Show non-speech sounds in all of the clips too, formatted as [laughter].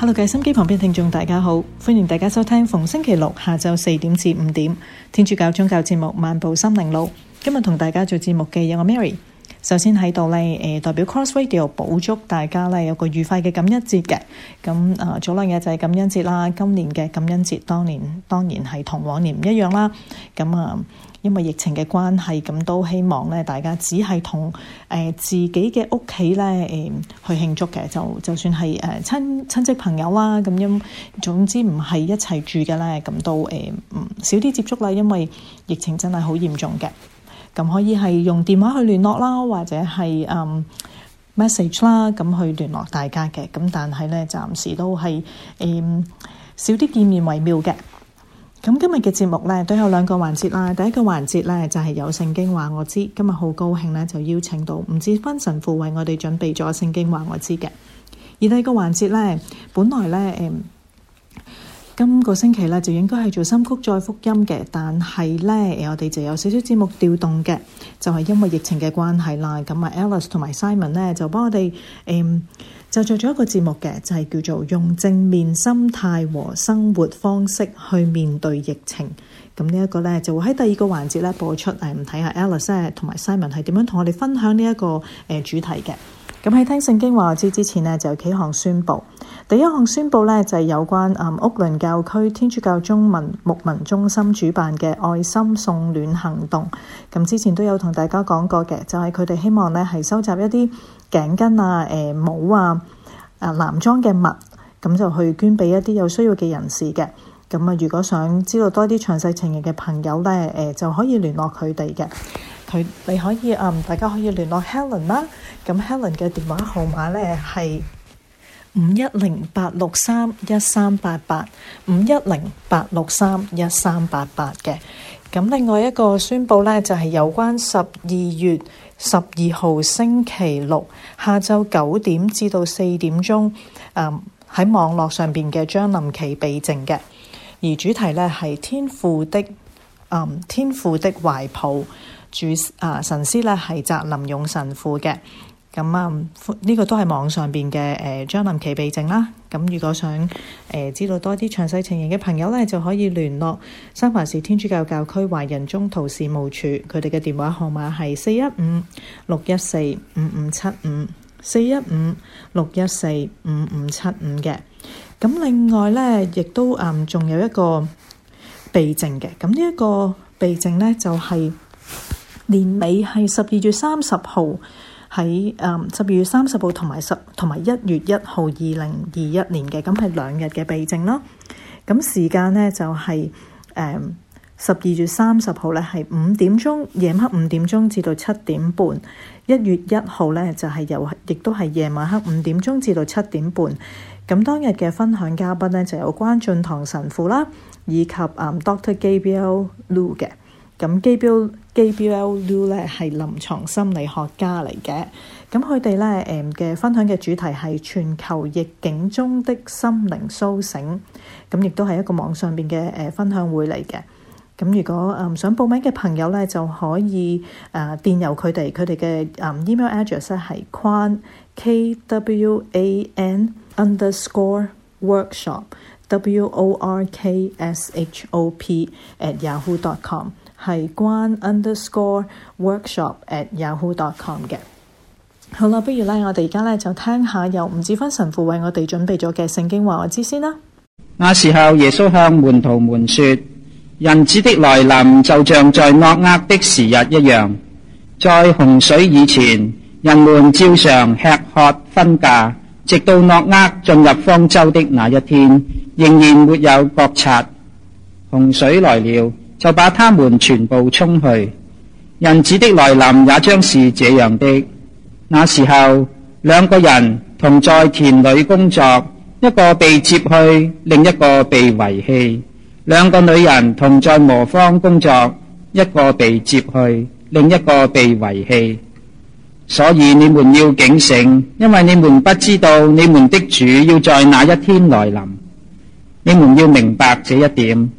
hello，計心機旁邊聽眾大家好，歡迎大家收聽逢星期六下晝四點至五點天主教宗教節目《漫步心靈路》。今日同大家做節目嘅有我 Mary，首先喺度咧誒，代表 Cross Radio 補祝大家咧有個愉快嘅感恩節嘅。咁啊，早兩日就係感恩節啦，今年嘅感恩節，當年當然係同往年唔一樣啦。咁啊。因為疫情嘅關係，咁都希望咧，大家只係同誒、呃、自己嘅屋企咧誒去慶祝嘅，就就算係誒親親戚朋友啦，咁樣總之唔係一齊住嘅咧，咁都誒、呃、少啲接觸啦，因為疫情真係好嚴重嘅。咁可以係用電話去聯絡啦，或者係誒、呃、message 啦，咁去聯絡大家嘅。咁但係咧，暫時都係誒、呃、少啲見面為妙嘅。咁今日嘅節目呢，都有兩個環節啦，第一個環節呢，就係有聖經話我知，今日好高興呢就邀請到吳志芬神父為我哋準備咗聖經話我知嘅，而第二個環節呢，本來呢，今個星期呢，就應該係做深曲再福音嘅，但係呢，我哋就有少少節目調動嘅，就係因為疫情嘅關係啦，咁啊 Alice 同埋 Simon 呢，就幫我哋就做咗一個節目嘅，就係、是、叫做用正面心態和生活方式去面對疫情。咁呢一個咧，就會喺第二個環節呢播出。誒，唔睇下 Alice 同、啊、埋 Simon 係點樣同我哋分享呢、這、一個誒、呃、主題嘅。咁喺聽聖經話之之前呢，就有幾項宣布。第一項宣布呢，就係、是、有關誒、嗯、屋倫教區天主教中文牧民中心主辦嘅愛心送暖行動。咁之前都有同大家講過嘅，就係佢哋希望呢係收集一啲，頸巾啊、誒帽啊、啊男裝嘅襪，咁就去捐俾一啲有需要嘅人士嘅。咁啊，如果想知道多啲詳細情形嘅朋友咧，誒、呃、就可以聯絡佢哋嘅。佢你可以啊，大家可以聯絡 Helen 啦。咁 Helen 嘅電話號碼咧係五一零八六三一三八八，五一零八六三一三八八嘅。咁另外一個宣佈呢，就係、是、有關十二月十二號星期六下晝九點至到四點鐘，誒、嗯、喺網絡上邊嘅將臨期避靜嘅，而主題呢，係天父的，誒、嗯、天父的懷抱，主啊、呃、神師呢，係翟林勇神父嘅。咁啊，呢個都係網上邊嘅誒、張林奇避靜啦。咁如果想誒、知道多啲詳細情形嘅朋友咧，就可以聯絡三藩市天主教教區華人中圖事務處，佢哋嘅電話號碼係四一五六一四五五七五四一五六一四五五七五嘅。咁另外咧，亦都仲、嗯、有一個避靜嘅。咁呢一個避靜咧，就係、是、年尾係十二月三十號。喺十二月三十號同埋十同埋一月一號二零二一年嘅，咁係兩日嘅避靜啦。咁時間呢，就係誒十二月三十號呢係五點鐘夜晚黑五點鐘至到七點半，一月一號呢，就係、是、由亦都係夜晚黑五點鐘至到七點半。咁當日嘅分享嘉賓呢，就有關進堂神父啦，以及、嗯、Doctor Gabriel Lu 嘅。咁 Gabriel, Gabriel Lu 咧，係臨床心理學家嚟嘅。咁佢哋呢誒嘅、嗯、分享嘅主題係全球逆境中的心靈甦醒，咁亦都係一個網上面嘅誒分享會嚟嘅。咁如果唔、嗯、想報名嘅朋友呢，就可以誒、呃、電郵佢哋，佢哋嘅誒 email address 係係 kwan_kw_a_n_underscore_workshop_w_o_r_k_s_h_o_p@yahoo.com。K w A N 係關 underscore workshop at yahoo dot com 嘅。好啦，不如呢，我哋而家呢，就聽下由吳子芬神父為我哋準備咗嘅聖經話我知先啦。那時候耶穌向門徒們說，人子的來臨就像在諾厄的時日一樣，在洪水以前，人們照常吃喝分架，直到諾厄進入方舟的那一天，仍然沒有覺察，洪水來了。就把他們全部沖去。人子的來臨也將是這樣的。那時候，兩個人同在田裏工作，一個被接去，另一個被遺棄；兩個女人同在磨坊工作，一個被接去，另一個被遺棄。所以你們要警醒，因為你們不知道你們的主要在哪一天來臨。你們要明白這一點。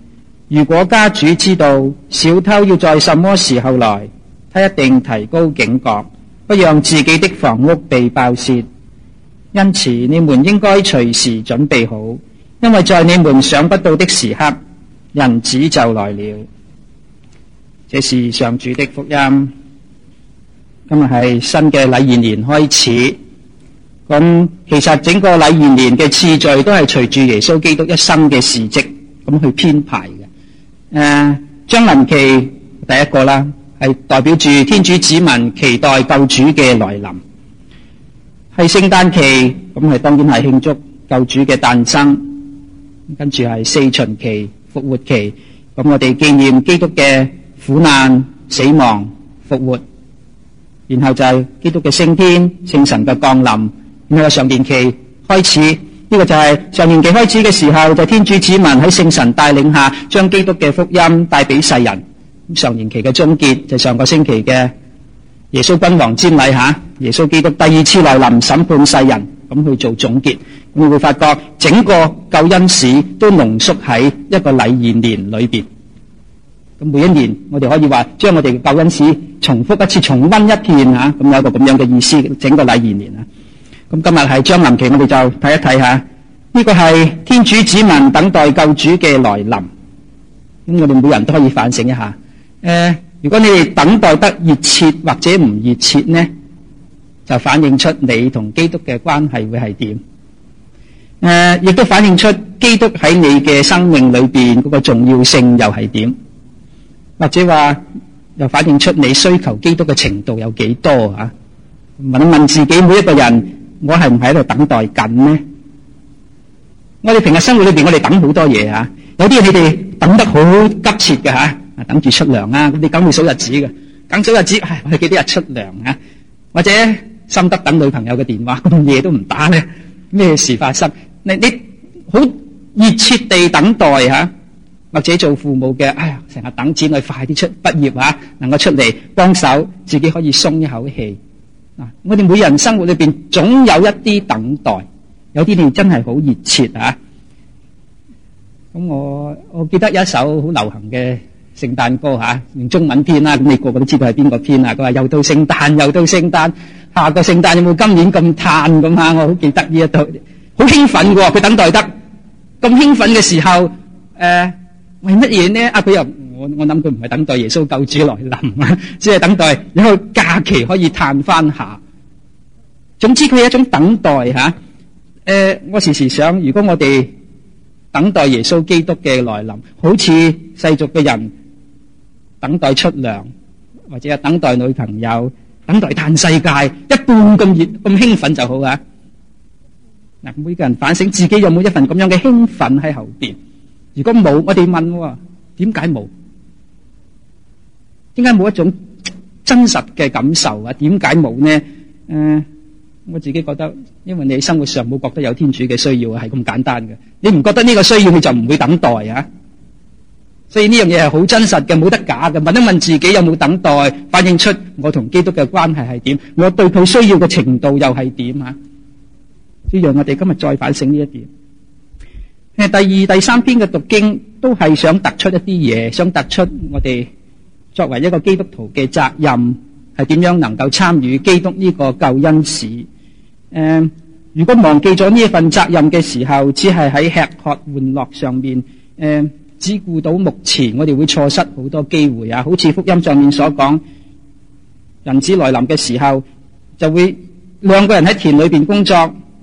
如果家主知道小偷要在什麼時候來，他一定提高警覺，不讓自己的房屋被爆竊。因此，你們應該隨時準備好，因為在你們想不到的時刻，人子就來了。這是上主的福音。今日係新嘅禮儀年開始，咁其實整個禮儀年嘅次序都係隨住耶穌基督一生嘅事蹟咁去編排。誒，將臨期第一個啦，係代表住天主子民期待救主嘅來臨。係聖誕期，咁係當然係慶祝救主嘅誕生。跟住係四旬期復活期，咁我哋紀念基督嘅苦難、死亡、復活。然後就係基督嘅升天、聖神嘅降臨，咁啊，常年期開始。呢個就係上年期開始嘅時候，就天主子民喺聖神帶領下，將基督嘅福音帶俾世人。咁上年期嘅終結就上個星期嘅耶穌君王瞻禮吓，耶穌基督第二次來臨審判世人，咁去做總結。你會發覺整個救恩史都濃縮喺一個禮儀年裏邊。咁每一年我哋可以話將我哋嘅救恩史重複一次，重溫一遍吓，咁有一個咁樣嘅意思，整個禮儀年啊。咁今日係張林奇，我哋就睇一睇吓。呢個係天主子民等待救主嘅來臨。咁我哋每人都可以反省一下。誒，如果你哋等待得熱切或者唔熱切呢，就反映出你同基督嘅關係會係點？誒，亦都反映出基督喺你嘅生命裏邊嗰個重要性又係點？或者話又反映出你需求基督嘅程度有幾多啊？問一問自己，每一個人。我係唔係喺度等待緊呢？我哋平日生活裏邊，我哋等好多嘢啊！有啲你哋等得好急切嘅吓，啊等住出糧啊，咁你梗會數日子嘅，數日子係，我哋幾多日出糧啊？或者心急等女朋友嘅電話，咁夜都唔打咧，咩事發生？你你好熱切地等待吓，或者做父母嘅，哎呀，成日等子女快啲出畢業啊，能夠出嚟幫手，自己可以鬆一口氣。嗱，我哋每人生活裏邊總有一啲等待，有啲嘢真係好熱切啊！咁我我記得有一首好流行嘅聖誕歌吓，用中文編啦，咁你個個都知道係邊個編啊？佢話又到聖誕，又到聖誕，下個聖誕有冇今年咁嘆咁啊？我好記得呢一度，好興奮噶，佢等待得咁興奮嘅時候，誒，為乜嘢呢？佢又。我我諗佢唔係等待耶穌救主來臨，只係等待一個假期可以嘆翻下。總之佢係一種等待吓。誒，我時時想，如果我哋等待耶穌基督嘅來臨，好似世俗嘅人等待出糧，或者係等待女朋友，等待嘆世界一半咁熱咁興奮就好啊。嗱，每個人反省自己有冇一份咁樣嘅興奮喺後邊。如果冇，我哋問，點解冇？點解冇一種真實嘅感受啊？點解冇呢？誒，我自己覺得，因為你生活上冇覺得有天主嘅需要啊，係咁簡單嘅。你唔覺得呢個需要，你就唔會等待啊。所以呢樣嘢係好真實嘅，冇得假嘅。問一問自己有冇等待，反映出我同基督嘅關係係點？我對佢需要嘅程度又係點啊？所以讓我哋今日再反省呢一點。誒，第二、第三篇嘅讀經都係想突出一啲嘢，想突出我哋。作為一個基督徒嘅責任係點樣能夠參與基督呢個救恩史？誒，如果忘記咗呢一份責任嘅時候，只係喺吃喝玩樂上面，誒，只顧到目前，我哋會錯失好多機會啊！好似福音上面所講，人子來臨嘅時候，就會兩個人喺田裏邊工作。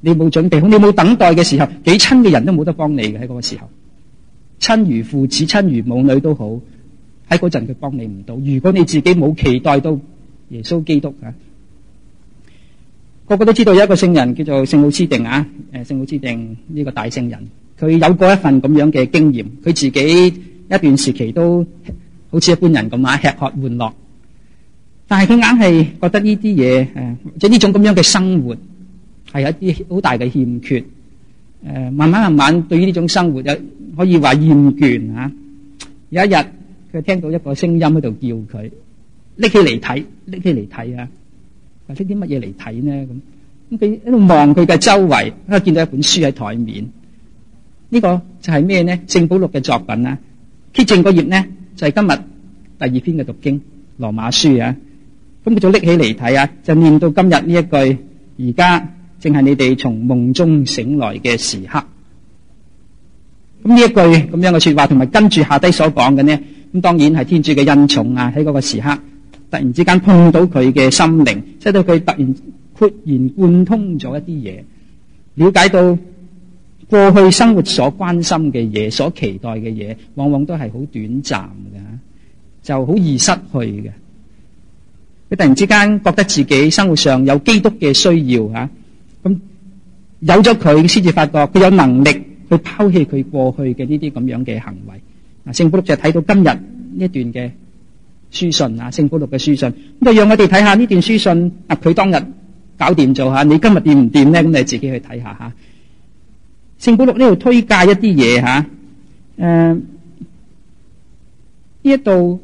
你冇準備好，你冇等待嘅時候，幾親嘅人都冇得幫你嘅。喺嗰個時候，親如父子，親如母女都好，喺嗰陣佢幫你唔到。如果你自己冇期待到耶穌基督啊，個個都知道有一個聖人叫做聖奧斯定啊，誒聖奧斯定呢個大聖人，佢有過一份咁樣嘅經驗，佢自己一段時期都好似一般人咁啊吃喝玩樂，但係佢硬係覺得呢啲嘢誒，即係呢種咁樣嘅生活。係一啲好大嘅欠缺。誒，慢慢慢慢對於呢種生活有可以話厭倦啊。有一日佢聽到一個聲音喺度叫佢拎起嚟睇，拎起嚟睇啊。啊，拎啲乜嘢嚟睇咧？咁咁佢喺度望佢嘅周圍，啊，見到一本書喺台面呢個就係咩咧？聖保禄嘅作品啦。揭正個頁咧就係今日第二篇嘅讀經《羅馬書》啊。咁佢就拎起嚟睇啊，就念到今日呢一句：而家。正係你哋從夢中醒來嘅時刻。咁呢一句咁樣嘅說話，同埋跟住下低所講嘅咧，咁當然係天主嘅恩寵啊。喺嗰個時刻，突然之間碰到佢嘅心靈，使到佢突然豁然貫通咗一啲嘢，了解到過去生活所關心嘅嘢、所期待嘅嘢，往往都係好短暫㗎，就好易失去嘅。佢突然之間覺得自己生活上有基督嘅需要啊！咁、嗯、有咗佢先至發覺佢有能力去拋棄佢過去嘅呢啲咁樣嘅行為。啊，聖保禄就睇到今日呢一段嘅書信啊，聖保禄嘅書信。咁、啊、就讓我哋睇下呢段書信。啊，佢當日搞掂咗吓，你今日掂唔掂咧？咁你自己去睇下吓。聖、啊、保禄呢度推介一啲嘢吓，誒、啊、呢、啊、一度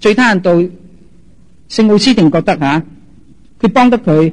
最低限度聖奧斯定覺得吓，佢、啊、幫得佢。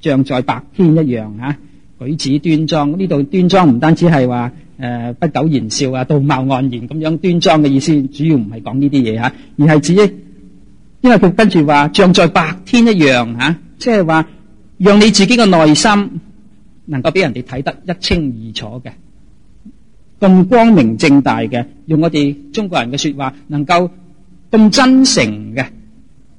像在白天一樣啊，舉止端莊。呢度端莊唔單止係話誒不苟言笑啊，道貌岸然咁樣端莊嘅意思，主要唔係講呢啲嘢吓，而係指，因為佢跟住話像在白天一樣吓，即係話讓你自己嘅內心能夠俾人哋睇得一清二楚嘅，咁光明正大嘅，用我哋中國人嘅說話，能夠咁真誠嘅。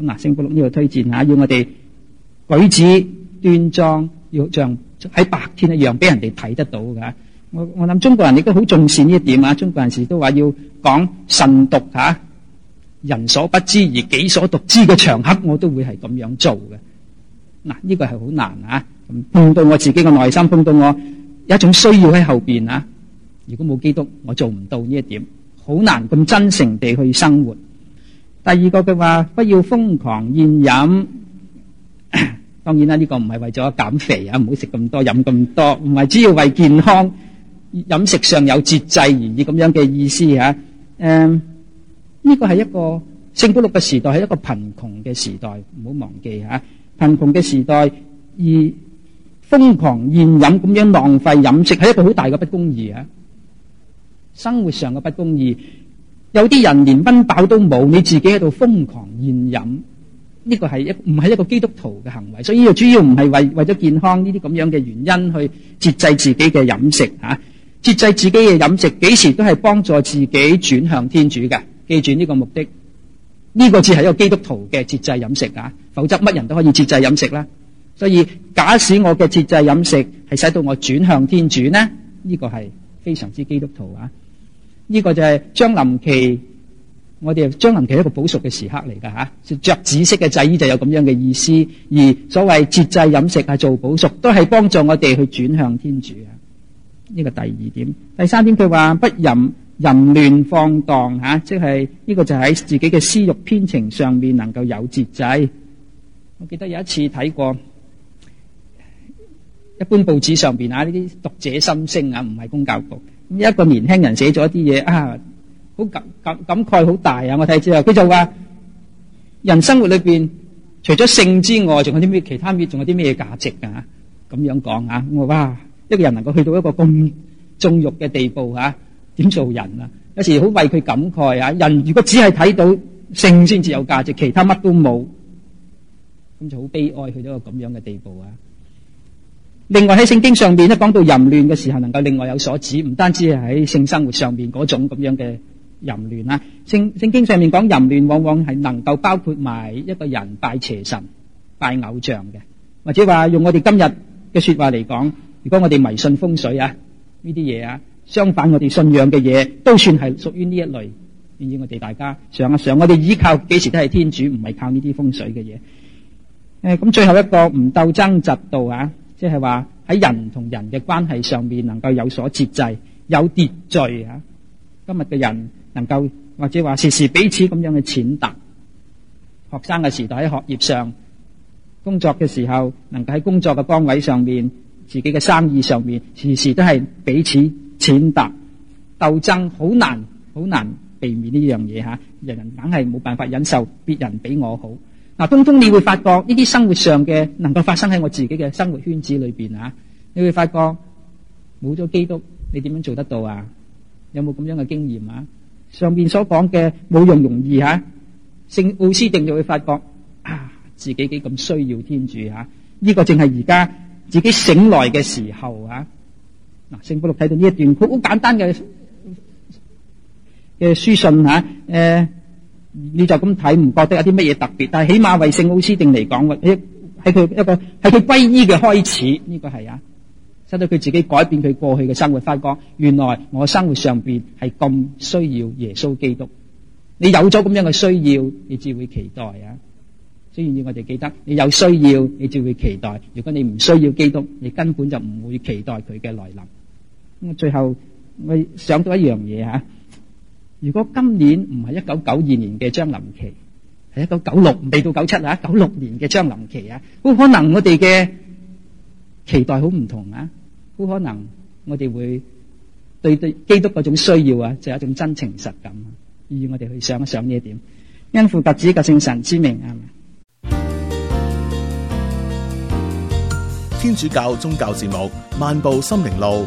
嗱，聖保祿呢個推薦吓，要我哋舉止端莊，要像喺白天一樣，俾人哋睇得到嘅。我我諗中國人亦都好重視呢一點啊。中國人士都話要講慎獨吓，人所不知而己所獨知嘅場合，我都會係咁樣做嘅。嗱，呢個係好難啊！咁碰到我自己嘅內心，碰到我一種需要喺後邊啊。如果冇基督，我做唔到呢一點，好難咁真誠地去生活。第二個嘅話，不要瘋狂宴飲。當然啦，呢個唔係為咗減肥啊，唔好食咁多，飲咁多，唔係只要為健康。飲食上有節制而已，咁樣嘅意思吓。誒，呢個係一個聖保羅嘅時代，係一個貧窮嘅時代，唔好忘記吓。貧窮嘅時代而瘋狂宴飲咁樣浪費飲食，係一個好大嘅不公義啊！生活上嘅不公義。有啲人連溫飽都冇，你自己喺度瘋狂宴飲，呢個係一唔係一個基督徒嘅行為？所以主要唔係為為咗健康呢啲咁樣嘅原因去節制自己嘅飲食吓，啊，節制自己嘅飲食幾時都係幫助自己轉向天主嘅。記住呢個目的，呢個只係一個基督徒嘅節制飲食啊。否則乜人都可以節制飲食啦。所以假使我嘅節制飲食係使到我轉向天主呢，呢個係非常之基督徒啊。呢個就係將臨期，我哋將臨期一個補贖嘅時刻嚟㗎嚇，着、啊、紫色嘅祭衣就有咁樣嘅意思。而所謂節制飲食係做補贖，都係幫助我哋去轉向天主啊！呢、這個第二點，第三點佢話不淫、淫亂、放蕩嚇，即係呢個就喺自己嘅私慾偏情上面能夠有節制。我記得有一次睇過一般報紙上邊啊，呢啲讀者心聲啊，唔係公教報。一個年輕人寫咗一啲嘢啊，好感感感慨，好大啊！我睇之後，佢就話人生活裏邊除咗性之外，仲有啲咩其他咩？仲有啲咩價值啊？咁樣講啊！我哇，一個人能夠去到一個咁縱慾嘅地步啊，點做人啊？有時好為佢感慨啊！人如果只係睇到性先至有價值，其他乜都冇，咁就好悲哀，去到一個咁樣嘅地步啊！另外喺聖經上面都講到淫亂嘅時候，能夠另外有所指，唔單止係喺性生活上面嗰種咁樣嘅淫亂啦。聖聖經上面講淫亂，往往係能夠包括埋一個人拜邪神、拜偶像嘅，或者話用我哋今日嘅說話嚟講，如果我哋迷信風水啊呢啲嘢啊，相反我哋信仰嘅嘢都算係屬於呢一類。願意我哋大家想一想，我哋依靠幾時都係天主，唔係靠呢啲風水嘅嘢。誒，咁最後一個唔鬥爭嫉妒啊。即係話喺人同人嘅關係上面，能夠有所節制，有秩序吓、啊。今日嘅人能夠或者話時時彼此咁樣嘅踐踏，學生嘅時代喺學業上，工作嘅時候，能夠喺工作嘅崗位上面，自己嘅生意上面，時時都係彼此踐踏，鬥爭好難好難避免呢樣嘢吓，人人梗係冇辦法忍受別人比我好。嗱，東東你會發覺呢啲生活上嘅能夠發生喺我自己嘅生活圈子裏邊啊，你會發覺冇咗基督，你點樣做得到啊？有冇咁樣嘅經驗啊？上邊所講嘅冇用容易吓，聖、啊、奧斯定就會發覺啊，自己幾咁需要天主啊！呢、這個正係而家自己醒來嘅時候啊！嗱，聖保祿睇到呢一段好簡單嘅嘅書信啊，誒、呃。你就咁睇唔覺得有啲乜嘢特別，但係起碼為聖奧斯定嚟講嘅，喺喺佢一個係佢歸依嘅開始，呢個係啊，使到佢自己改變佢過去嘅生活。發覺原來我生活上邊係咁需要耶穌基督。你有咗咁樣嘅需要，你至會期待啊。所以要我哋記得，你有需要你至會期待。如果你唔需要基督，你根本就唔會期待佢嘅來臨。咁最後我想到一樣嘢吓。如果今年唔係一九九二年嘅張林奇，係一九九六未到九七啊，九六年嘅張林奇啊，好可能我哋嘅期待好唔同啊，好可能我哋會對對基督嗰種需要啊，就係一種真情實感，而我哋去想一想呢一點，因父及子嘅聖神之名啊！天主教宗教節目《漫步心靈路》。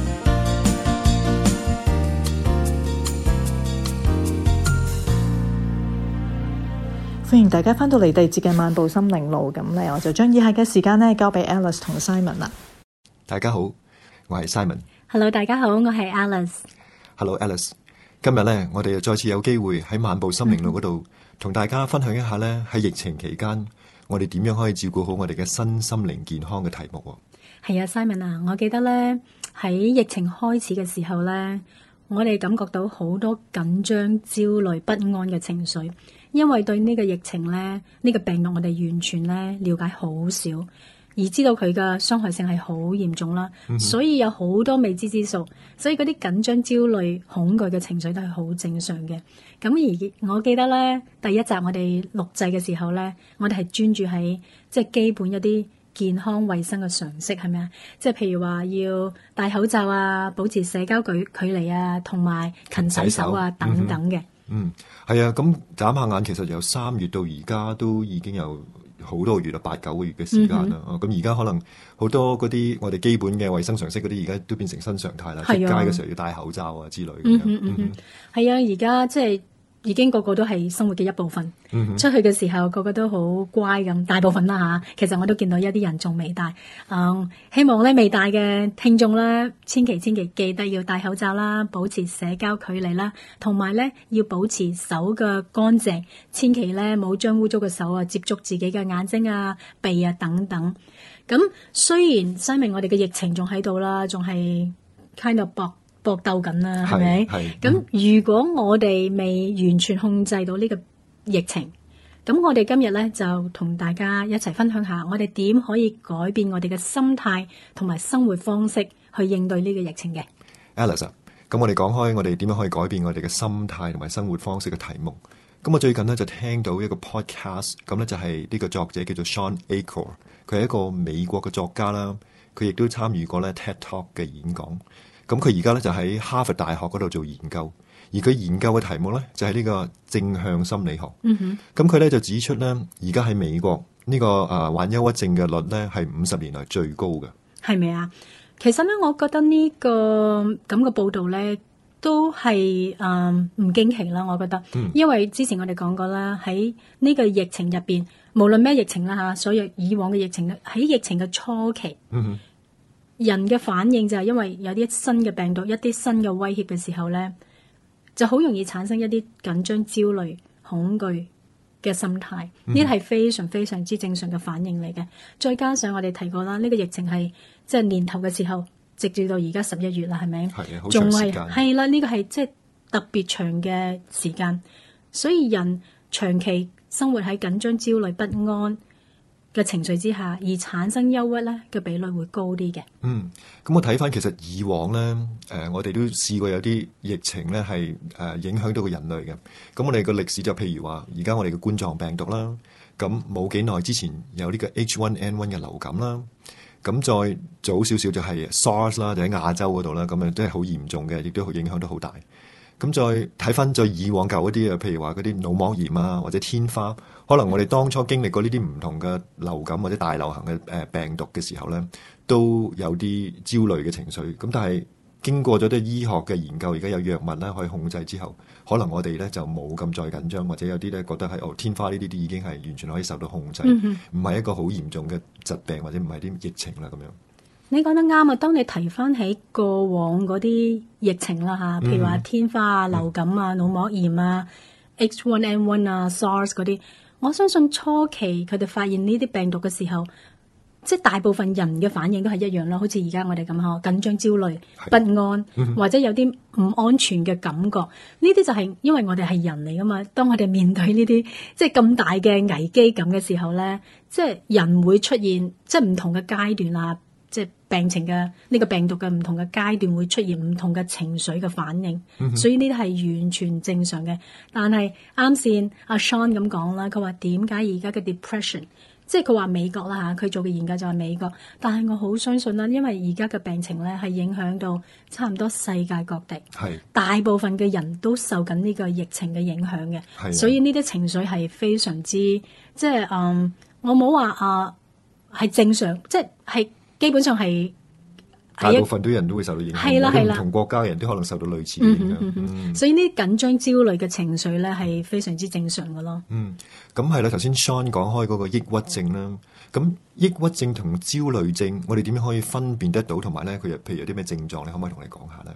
歡迎大家翻到嚟第二節嘅漫步心靈路，咁咧我就將以下嘅時間咧交俾 Alice 同 Simon 啦。大家好，我係 Simon。Hello，大家好，我係 Al Alice。Hello，Alice。今日咧，我哋又再次有機會喺漫步心靈路嗰度同大家分享一下咧喺疫情期間我哋點樣可以照顧好我哋嘅身心靈健康嘅題目。係啊，Simon 啊，我記得咧喺疫情開始嘅時候咧，我哋感覺到好多緊張、焦慮、不安嘅情緒。因為對呢個疫情咧，呢、這個病毒我哋完全咧了解好少，而知道佢嘅傷害性係好嚴重啦，所以有好多未知之數，所以嗰啲緊張、焦慮、恐懼嘅情緒都係好正常嘅。咁而我記得咧，第一集我哋錄製嘅時候咧，我哋係專注喺即係基本一啲健康衞生嘅常識係咪啊？即係、就是、譬如話要戴口罩啊，保持社交距距離啊，同埋勤洗手啊等等嘅。嗯，係啊，咁眨下眼，其實由三月到而家都已經有好多月啦，八九個月嘅時間啦。咁而家可能好多嗰啲我哋基本嘅衞生常識嗰啲，而家都變成新常態啦。出街嘅時候要戴口罩啊之類咁樣，嗯。嗯嗯嗯，係啊，而家即係。已經個個都係生活嘅一部分，mm hmm. 出去嘅時候個個都好乖咁，大部分啦嚇。其實我都見到一啲人仲未戴，啊、嗯！希望咧未戴嘅聽眾咧，千祈千祈記得要戴口罩啦，保持社交距離啦，同埋咧要保持手嘅乾淨，千祈咧冇將污糟嘅手啊接觸自己嘅眼睛啊、鼻啊等等。咁、嗯、雖然雖然我哋嘅疫情仲喺度啦，仲係 kind of 薄。搏鬥緊啦，係咪？咁如果我哋未完全控制到呢個疫情，咁我哋今日咧就同大家一齊分享下，我哋點可以改變我哋嘅心態同埋生活方式去應對呢個疫情嘅。Alice，i 咁我哋講開我哋點樣可以改變我哋嘅心態同埋生活方式嘅題目，咁我最近呢就聽到一個 podcast，咁咧就係呢個作者叫做 Sean Achor，佢係一個美國嘅作家啦，佢亦都參與過咧 TED Talk 嘅演講。咁佢而家咧就喺哈佛大學嗰度做研究，而佢研究嘅題目咧就係、是、呢個正向心理學。嗯哼。咁佢咧就指出咧，而家喺美國、這個呃、呢個啊患憂鬱症嘅率咧係五十年來最高嘅。係咪啊？其實咧，我覺得、這個、呢個咁嘅報道咧都係啊唔驚奇啦。我覺得，嗯、因為之前我哋講過啦，喺呢個疫情入邊，無論咩疫情啦吓，所有以往嘅疫情喺疫情嘅初期。嗯哼人嘅反應就係因為有啲新嘅病毒、一啲新嘅威脅嘅時候呢，就好容易產生一啲緊張、焦慮、恐懼嘅心態，呢啲係非常非常之正常嘅反應嚟嘅。再加上我哋提過啦，呢個疫情係即係年頭嘅時候，直至到而家十一月啦，係咪？係嘅，好長時間。係啦，呢個係即係特別長嘅時間，所以人長期生活喺緊張、焦慮、不安嘅情緒之下而產生憂鬱咧嘅比率會高啲嘅。嗯，咁我睇翻其實以往咧，誒、呃、我哋都試過有啲疫情咧係誒影響到個人類嘅。咁我哋個歷史就譬如話，而家我哋嘅冠狀病毒啦，咁冇幾耐之前有呢個 H1N1 嘅流感啦，咁再早少少就係 SARS 啦，就喺亞洲嗰度啦，咁啊都係好嚴重嘅，亦都影響都好大。咁再睇翻再以往舊一啲啊，譬如話嗰啲腦膜炎啊，或者天花，可能我哋當初經歷過呢啲唔同嘅流感或者大流行嘅誒病毒嘅時候呢，都有啲焦慮嘅情緒。咁但係經過咗啲醫學嘅研究，而家有藥物咧可以控制之後，可能我哋呢就冇咁再緊張，或者有啲呢覺得係哦天花呢啲啲已經係完全可以受到控制，唔係、嗯、哼、一個好嚴重嘅疾病，或者唔係啲疫情啦咁樣。你講得啱啊！當你提返起過往嗰啲疫情啦，嚇，譬如話天花啊、流感啊、腦膜炎啊、H one N one 啊、SARS 嗰啲，我相信初期佢哋發現呢啲病毒嘅時候，即係大部分人嘅反應都係一樣啦。好似而家我哋咁嗬，緊張、焦慮、不安，或者有啲唔安全嘅感覺。呢啲就係因為我哋係人嚟㗎嘛。當我哋面對呢啲即係咁大嘅危機感嘅時候咧，即係人會出現即係唔同嘅階段啦。病情嘅呢、這個病毒嘅唔同嘅階段會出現唔同嘅情緒嘅反應，嗯、哼所以呢啲係完全正常嘅。但係啱先阿 Sean 咁講啦，佢話點解而家嘅 depression，即係佢話美國啦嚇，佢做嘅研究就係美國。但係我好相信啦，因為而家嘅病情咧係影響到差唔多世界各地，是大部分嘅人都受緊呢個疫情嘅影響嘅，是所以呢啲情緒係非常之即係嗯，um, 我冇話啊係正常，即係係。基本上係大部分都人都會受到影響，同國家人都可能受到類似嘅影響。的嗯、所以呢緊張焦慮嘅情緒咧係非常之正常嘅咯嗯。嗯，咁係啦，頭先 Shawn 講開嗰個抑鬱症啦，咁、嗯、抑鬱症同焦慮症，我哋點樣可以分辨得到？同埋咧，佢又譬如有啲咩症狀咧，你可唔可以同你講下咧？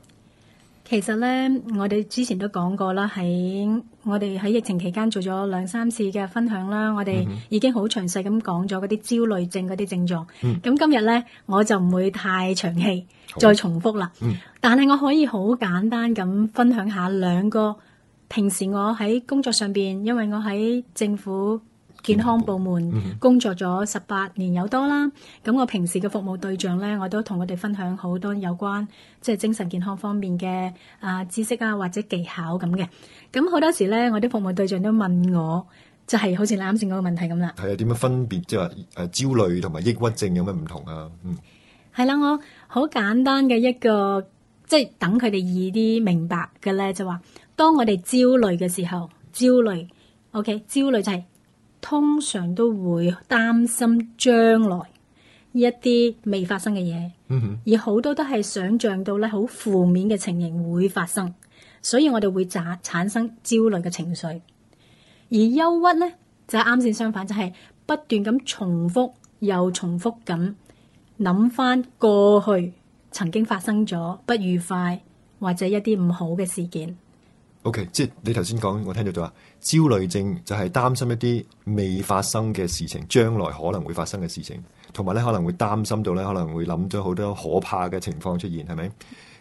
其實咧，我哋之前都講過啦，喺我哋喺疫情期間做咗兩三次嘅分享啦，我哋已經好詳細咁講咗嗰啲焦慮症嗰啲症狀。咁、嗯、今日咧，我就唔會太長氣，再重複啦。嗯、但係我可以好簡單咁分享下兩個，平時我喺工作上邊，因為我喺政府健康部門工作咗十八年有多啦。咁我平時嘅服務對象咧，我都同佢哋分享好多有關即係精神健康方面嘅啊知識啊，或者技巧咁嘅。咁好多時咧，我啲服務對象都問我，就係好似你啱先嗰個問題咁啦。係啊，點樣分別即係話誒焦慮同埋抑鬱症有咩唔同啊？嗯，係啦，我好簡單嘅一個即係等佢哋易啲明白嘅咧，就話當我哋焦慮嘅時候，焦慮，OK，焦慮就係。通常都會擔心將來一啲未發生嘅嘢。嗯、哼而好多都係想像到咧，好負面嘅情形會發生，所以我哋會咋產生焦慮嘅情緒。而憂鬱呢就係啱先相反，就係、是、不斷咁重複又重複咁諗返過去曾經發生咗不愉快或者一啲唔好嘅事件。OK，即係你頭先講，我聽到咗啊。焦慮症就係擔心一啲未發生嘅事情，將來可能會發生嘅事情，同埋咧可能會擔心到咧，可能會諗咗好多可怕嘅情況出現，係咪？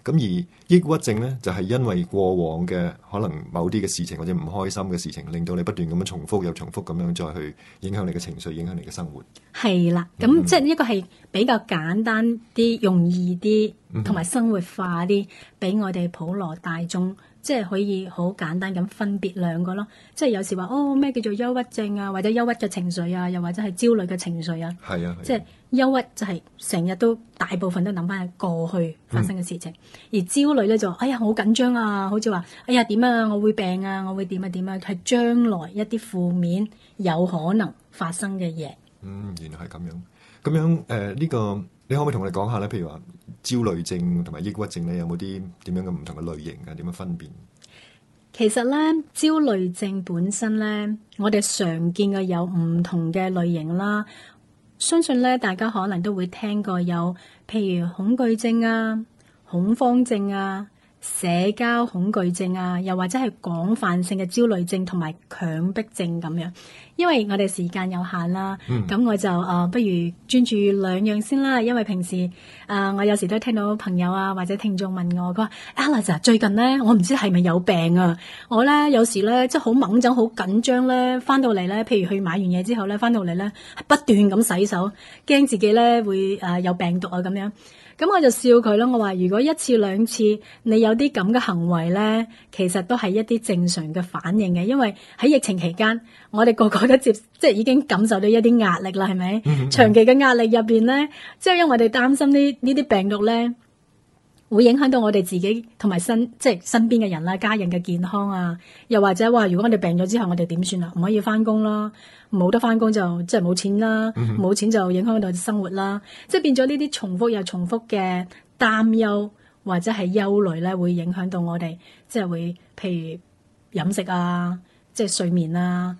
咁而抑鬱症咧，就係因為過往嘅可能某啲嘅事情或者唔開心嘅事情，令到你不斷咁樣重複又重複咁樣再去影響你嘅情緒，影響你嘅生活。係啦，咁即係一個係比較簡單啲、容易啲，同埋生活化啲，俾我哋普羅大眾。即係可以好簡單咁分別兩個咯，即係有時話哦咩叫做憂鬱症啊，或者憂鬱嘅情緒啊，又或者係焦慮嘅情緒啊。係啊，啊即係憂鬱就係成日都大部分都諗返係過去發生嘅事情，嗯、而焦慮咧就哎呀好緊張啊，好似話哎呀點啊我會病啊，我會點啊點啊？係、啊、將來一啲負面有可能發生嘅嘢。嗯，原來係咁樣，咁樣誒呢、呃呢個。你可唔可以同我哋講下咧？譬如話焦慮症同埋抑鬱症咧，有冇啲點樣嘅唔同嘅類型啊？點樣分辨？其實咧，焦慮症本身咧，我哋常見嘅有唔同嘅類型啦。相信咧，大家可能都會聽過有，譬如恐懼症啊、恐慌症啊。社交恐懼症啊，又或者係廣泛性嘅焦慮症同埋強迫症咁、啊、樣。因為我哋時間有限啦，咁、嗯、我就誒、呃、不如專注兩樣先啦。因為平時誒、呃、我有時都聽到朋友啊或者聽眾問我，佢話 Alex 最近咧，我唔知係咪有病啊？我咧有時咧即係好掹緊、好緊張咧，翻到嚟咧，譬如去買完嘢之後咧，翻到嚟咧不斷咁洗手，驚自己咧會誒、呃、有病毒啊咁樣。咁我就笑佢囉。我話如果一次兩次你有啲咁嘅行為咧，其實都係一啲正常嘅反應嘅，因為喺疫情期間，我哋個個都接即係已經感受到一啲壓力啦，係咪？ [laughs] 長期嘅壓力入邊咧，即係因為我哋擔心呢呢啲病毒咧。會影響到我哋自己同埋身即係身邊嘅人啦、家人嘅健康啊，又或者話如果我哋病咗之後，我哋點算啦？唔可以翻工啦，冇得翻工就即係冇錢啦，冇錢就影響到我哋生活啦。即係變咗呢啲重複又重複嘅擔憂或者係憂慮咧，會影響到我哋即係會譬如飲食啊，即係睡眠啊。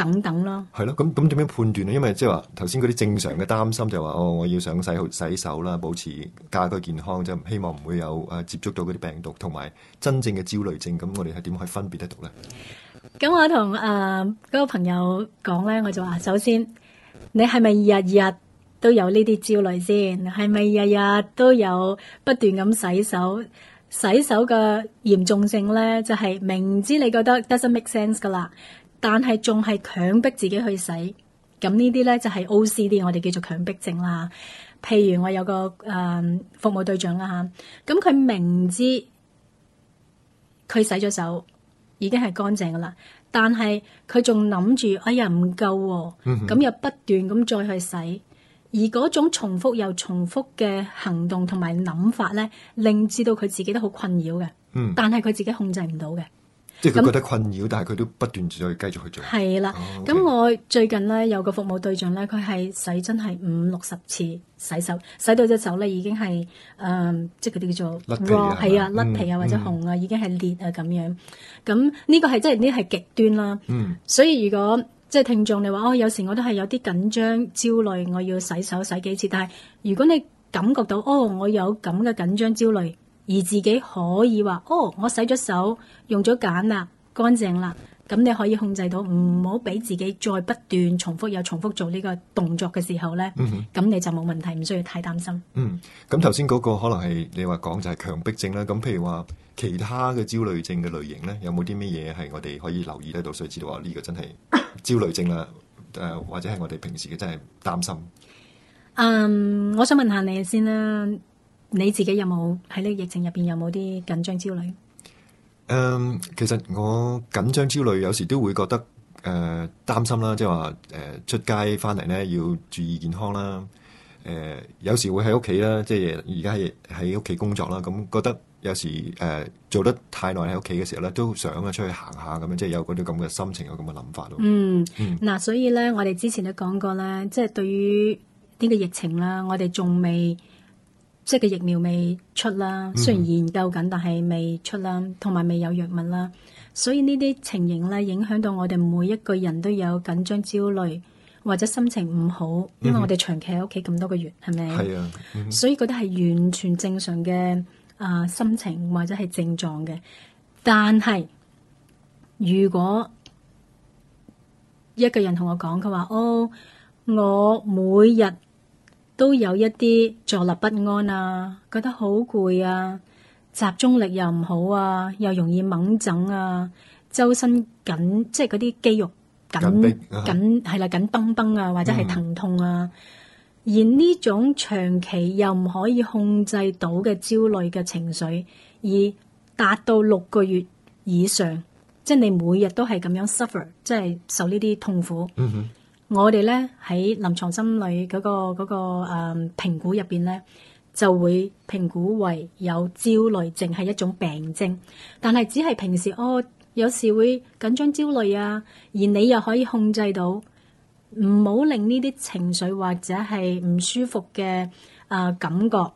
等等咯，係咯，咁咁點樣判斷咧？因為即係話頭先嗰啲正常嘅擔心就話哦，我要想洗好洗手啦，保持家居健康，即係希望唔會有誒接觸到嗰啲病毒，同埋真正嘅焦慮症。咁我哋係點去分別得到咧？咁我同誒嗰個朋友講咧，我就話：首先，你係咪日日都有呢啲焦慮先？係咪日日都有不斷咁洗手？洗手嘅嚴重性咧，就係明知你覺得 doesn't make sense 噶啦。但係仲係強迫自己去洗，咁呢啲咧就係、是、OCD，我哋叫做強迫症啦。譬如我有個誒、呃、服務隊長啦吓，咁佢明知佢洗咗手已經係乾淨噶啦，但係佢仲諗住哎呀唔夠，咁、哦、又不斷咁再去洗。而嗰種重複又重複嘅行動同埋諗法咧，令至到佢自己都好困擾嘅。但係佢自己控制唔到嘅。即係佢覺得困擾，但係佢都不斷再繼續去做。係啦，咁我最近咧有個服務對象咧，佢係洗真係五六十次洗手，洗到隻手咧已經係誒，即係嗰啲叫做甩皮啊，甩皮啊或者紅啊，已經係裂啊咁樣。咁呢個係即係呢係極端啦。嗯，所以如果即係聽眾你話哦，有時我都係有啲緊張焦慮，我要洗手洗幾次。但係如果你感覺到哦，我有咁嘅緊張焦慮。而自己可以話：哦，我洗咗手，用咗梘啦，乾淨啦。咁你可以控制到，唔好俾自己再不斷重複又重複做呢個動作嘅時候咧。咁、嗯、哼你就冇問題，唔需要太擔心。嗯，咁頭先嗰個可能係你話講就係強迫症啦。咁譬、嗯、如話其他嘅焦慮症嘅類型咧，有冇啲咩嘢係我哋可以留意得到？所以知道話呢個真係焦慮症啦？誒， [laughs] 或者係我哋平時嘅真係擔心。嗯，我想問下你先啦。你自己有冇喺呢個疫情入邊有冇啲緊張焦慮？誒，um, 其實我緊張焦慮有時都會覺得誒、呃、擔心啦，即係話誒出街翻嚟咧要注意健康啦。誒、呃、有時會喺屋企啦，即係而家喺喺屋企工作啦，咁覺得有時誒、呃、做得太耐喺屋企嘅時候咧，都想呀出去行下咁樣，即係有嗰啲咁嘅心情，有咁嘅諗法咯。嗯，嗱、嗯啊，所以咧，我哋之前都講過啦，即、就、係、是、對於呢個疫情啦，我哋仲未。即係嘅疫苗未出啦，雖然研究緊，但係未出啦，同埋未有藥物啦，所以呢啲情形咧，影響到我哋每一個人都有緊張、焦慮或者心情唔好，因為我哋長期喺屋企咁多個月，係咪？係啊，嗯、所以覺得係完全正常嘅啊、呃、心情或者係症狀嘅，但係如果一個人同我講，佢話哦，oh, 我每日。都有一啲坐立不安啊，覺得好攰啊，集中力又唔好啊，又容易猛整啊，周身緊，即係嗰啲肌肉緊緊係、啊、啦，緊繃繃啊，或者係疼痛啊。嗯、而呢種長期又唔可以控制到嘅焦慮嘅情緒，而達到六個月以上，即係你每日都係咁樣 suffer，即係受呢啲痛苦。嗯哼我哋咧喺臨床心理嗰個嗰個誒評估入邊咧，就會評估為有焦慮症係一種病症，但係只係平時哦，有時會緊張焦慮啊，而你又可以控制到，唔好令呢啲情緒或者係唔舒服嘅誒感覺，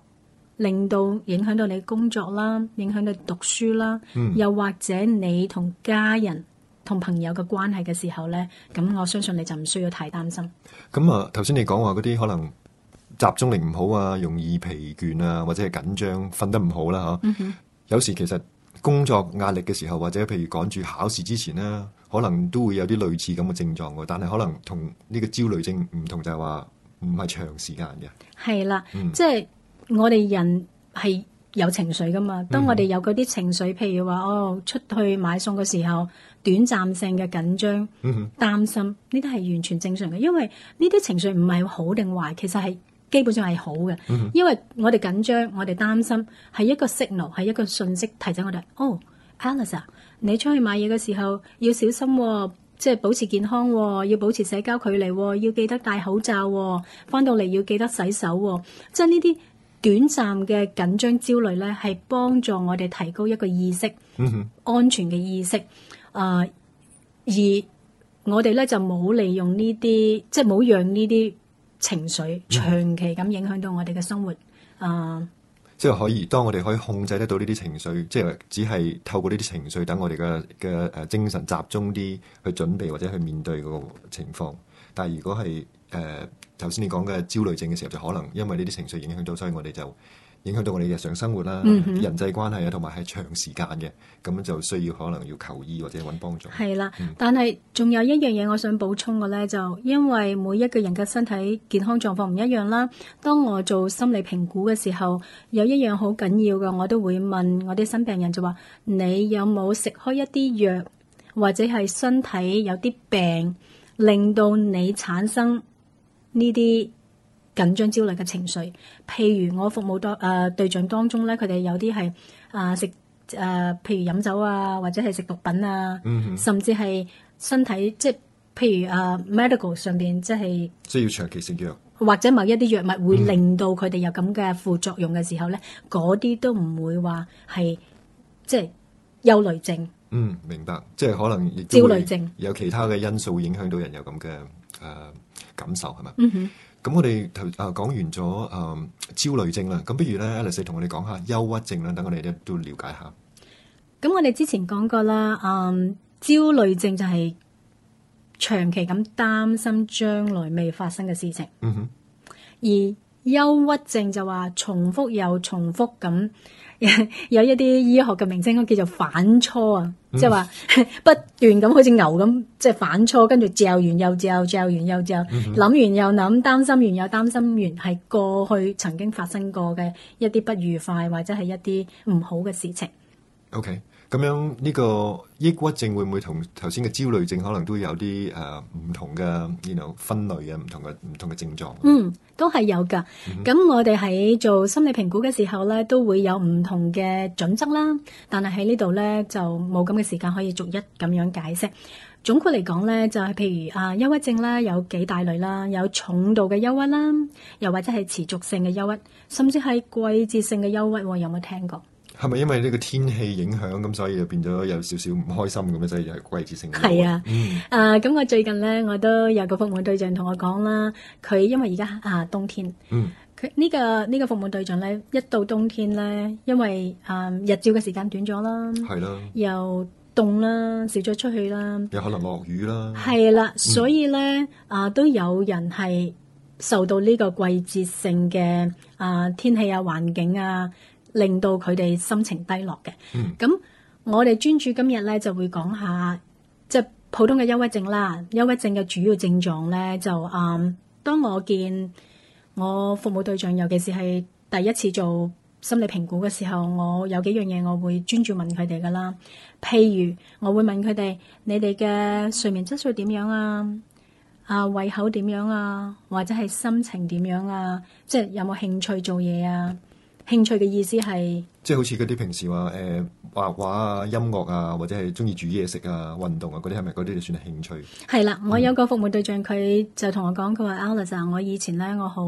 令到影響到你工作啦，影響到讀書啦，嗯、又或者你同家人、同朋友嘅關係嘅時候呢，咁我相信你就唔需要太擔心。咁啊，頭先你講話嗰啲可能集中力唔好啊，容易疲倦啊，或者係緊張、瞓得唔好啦、啊，吓、嗯哼。有時其實工作壓力嘅時候，或者譬如趕住考試之前咧，可能都會有啲類似咁嘅症狀嘅，但係可能同呢個焦慮症唔同，就係話唔係長時間嘅。係啦的，嗯、即係我哋人係。有情緒噶嘛？當我哋有嗰啲情緒，譬如話哦，出去買餸嘅時候，短暫性嘅緊張、擔心，呢啲係完全正常嘅。因為呢啲情緒唔係好定壞，其實係基本上係好嘅。因為我哋緊張，我哋擔心係一個 signal，係一個訊息，提醒我哋哦，Alice 啊，你出去買嘢嘅時候要小心喎，即係保持健康喎，要保持社交距離喎，要記得戴口罩喎，翻到嚟要記得洗手喎，即係呢啲。短暫嘅緊張焦慮呢，係幫助我哋提高一個意識、mm hmm. 安全嘅意識。啊、呃，而我哋呢，就冇利用呢啲，即係冇讓呢啲情緒長期咁影響到我哋嘅生活。Mm hmm. 啊，即係可以，當我哋可以控制得到呢啲情緒，即係只係透過呢啲情緒，等我哋嘅嘅誒精神集中啲去準備或者去面對嗰個情況。但係如果係誒。呃頭先你講嘅焦慮症嘅時候，就可能因為呢啲情緒影響到，所以我哋就影響到我哋日常生活啦、mm hmm. 人際關係啊，同埋係長時間嘅咁就需要可能要求醫或者揾幫助係啦。嗯、但係仲有一樣嘢我想補充嘅咧，就因為每一個人嘅身體健康狀況唔一樣啦。當我做心理評估嘅時候，有一樣好緊要嘅，我都會問我啲新病人就話：你有冇食開一啲藥，或者係身體有啲病，令到你產生，呢啲緊張焦慮嘅情緒，譬如我服務對誒對象當中咧，佢哋有啲係啊食誒，譬如飲酒啊，或者係食毒品啊，嗯，甚至係身體即係譬如誒 medical 上面即係需要長期食藥，或者某一啲藥物會令到佢哋有咁嘅副作用嘅時候咧，嗰啲都唔會話係即係憂慮症。嗯，明白，即係可能焦慮症有其他嘅因素影響到人有咁嘅誒。感受係嘛？咁、嗯、哼我哋頭啊講完咗誒、嗯、焦慮症啦，咁不如咧，Alex 同我哋講下憂鬱症啦，等我哋咧都了解下。咁我哋之前講過啦，誒、嗯、焦慮症就係長期咁擔心將來未發生嘅事情。嗯哼。而憂鬱症就話重複又重複咁。 [laughs] 有一啲醫學嘅名稱，叫做反芻啊、mm hmm. 是， [laughs] 即係話不斷咁好似牛咁，即係反芻，跟住嚼完又嚼，嚼完又嚼，諗、mm hmm. 完又諗，擔心完又擔心完，係過去曾經發生過嘅一啲不愉快或者係一啲唔好嘅事情。o、okay. k 咁樣呢個抑鬱症會唔會同頭先嘅焦慮症可能都有啲誒唔同嘅 you know 分類啊，唔同嘅唔同嘅症狀。嗯，都係有噶。咁、嗯、哼我哋喺做心理評估嘅時候咧，都會有唔同嘅準則啦。但係喺呢度咧，就冇咁嘅時間可以逐一咁樣解釋。總括嚟講咧，就係、是、譬如啊，憂鬱症咧有幾大類啦，有重度嘅憂鬱啦，又或者係持續性嘅憂鬱，甚至係季節性嘅憂鬱。有冇聽過？係咪因為呢個天氣影響咁，所以就變咗有少少唔開心咁樣，所以係季節性嘅。係啊，啊、呃、咁我最近咧，我都有個服務對象同我講啦，佢因為而家啊冬天，佢呢、嗯，這個呢、這個服務對象咧，一到冬天咧，因為啊、呃、日照嘅時間短咗啦，係啦是、啊，又凍啦，少咗出去啦，有可能落雨啦，係啦、啊，所以咧啊、呃、都有人係受到呢個季節性嘅、呃、啊天氣啊環境啊。令到佢哋心情低落嘅。咁、嗯、我哋專注今日咧，就會講下即係、就是、普通嘅憂鬱症啦。憂鬱症嘅主要症狀咧，就嗯，當我見我服務對象，尤其是係第一次做心理評估嘅時候，我有幾樣嘢，我會專注問佢哋噶啦。譬如，我會問佢哋，你哋嘅睡眠質素點樣啊？啊，胃口點樣啊？或者係心情點樣啊？即係有冇興趣做嘢啊？興趣嘅意思係，即係好似嗰啲平時話誒畫畫啊、音樂啊，或者係中意煮嘢食啊、運動啊嗰啲，係咪嗰啲就算係興趣？係啦，我有個服務對象，佢、嗯、就同我講，佢話 Alex 啊，我以前咧，我好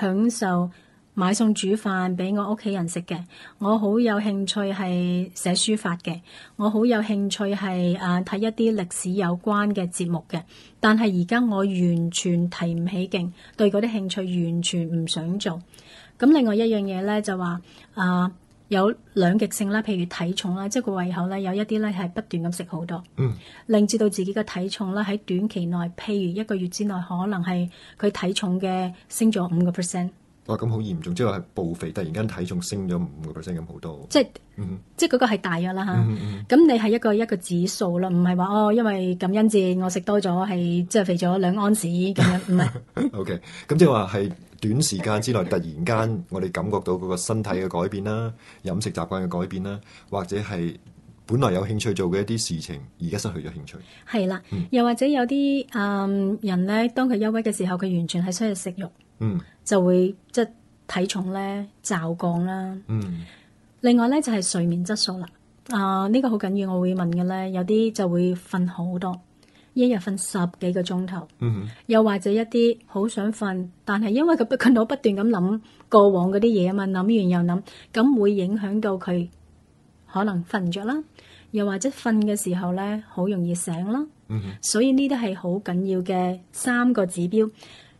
享受買餸煮飯俾我屋企人食嘅，我好有興趣係寫書法嘅，我好有興趣係啊睇一啲歷史有關嘅節目嘅，但係而家我完全提唔起勁，對嗰啲興趣完全唔想做。咁另外一樣嘢咧就話，啊、呃、有兩極性啦，譬如體重啦，即係個胃口咧，有一啲咧係不斷咁食好多，令至、嗯、到自己嘅體重咧喺短期內，譬如一個月之內，可能係佢體重嘅升咗五個 percent。哇、哦！咁好嚴重，即係話係暴肥，突然間體重升咗五個 percent 咁好多。即係，即係嗰個係大嘅啦吓，咁、啊、你係一個一個指數啦，唔係話哦，因為感恩節我食多咗，係即係肥咗兩安子咁樣。唔係。O K，咁即係話係。 [laughs] 短時間之內突然間，我哋感覺到嗰個身體嘅改變啦，飲食習慣嘅改變啦，或者係本來有興趣做嘅一啲事情，而家失去咗興趣。係啦，嗯、又或者有啲嗯、呃、人呢，當佢憂鬱嘅時候，佢完全係失去食慾，嗯，就會即、係、體重咧驟降啦。嗯，另外呢，就係、係、睡眠質素啦。啊、呃，呢、呢個好緊要，我會問嘅咧，有啲就會瞓好多。一日瞓十幾個鐘頭、嗯哼，又或者一啲好想瞓，但係因為佢不佢腦不斷咁諗過往嗰啲嘢啊嘛，諗完又諗，咁會影響到佢可能瞓唔着啦，又或者瞓嘅時候咧好容易醒啦。嗯、哼所以呢啲係好緊要嘅三個指標，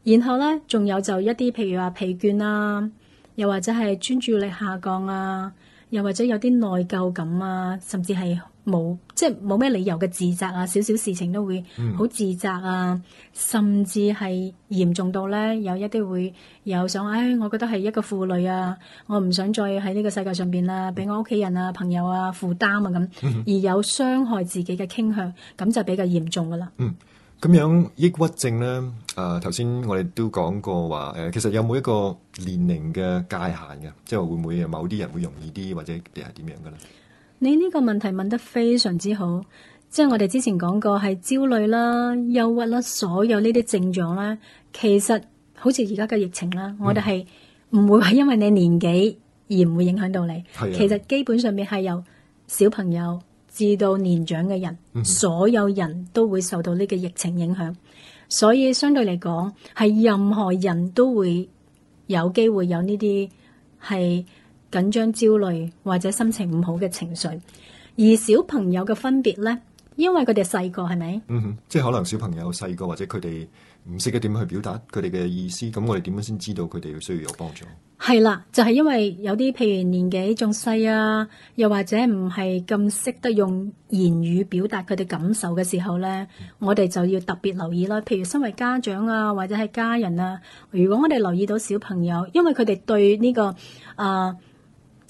然後呢，仲有就一啲譬如話疲倦啊，又或者係專注力下降啊，又或者有啲內疚感啊，甚至係。.冇，即係冇咩理由嘅自責啊！少少事情都會好自責啊，嗯、甚至係嚴重到咧，有一啲會有想，唉、哎，我覺得係一個負累啊，我唔想再喺呢個世界上邊啦，俾我屋企人啊、朋友啊負擔啊咁，而有傷害自己嘅傾向，咁就比較嚴重噶啦。嗯，咁樣抑鬱症咧，誒、呃，頭先我哋都講過話，誒、呃，其實有冇一個年齡嘅界限嘅、啊，即係會唔會某啲人會容易啲，或者定係點樣噶咧？你呢個問題問得非常之好，即係我哋之前講過，係焦慮啦、憂鬱啦，所有呢啲症狀啦。其實好似而家嘅疫情啦，嗯、我哋係唔會話因為你年紀而唔會影響到你。的其實基本上面係由小朋友至到年長嘅人，嗯、所有人都會受到呢個疫情影響，所以相對嚟講，係任何人都會有機會有呢啲係，緊張、焦慮或者心情唔好嘅情緒，而小朋友嘅分別呢？因為佢哋細個係咪？是是嗯哼，即係可能小朋友細個或者佢哋唔識得點樣去表達佢哋嘅意思，咁我哋點樣先知道佢哋需要有幫助？係啦，就係、是、因為有啲譬如年紀仲細啊，又或者唔係咁識得用言語表達佢哋感受嘅時候呢，嗯、我哋就要特別留意啦。譬如身為家長啊，或者係家人啊，如果我哋留意到小朋友，因為佢哋對呢、呢個誒。呃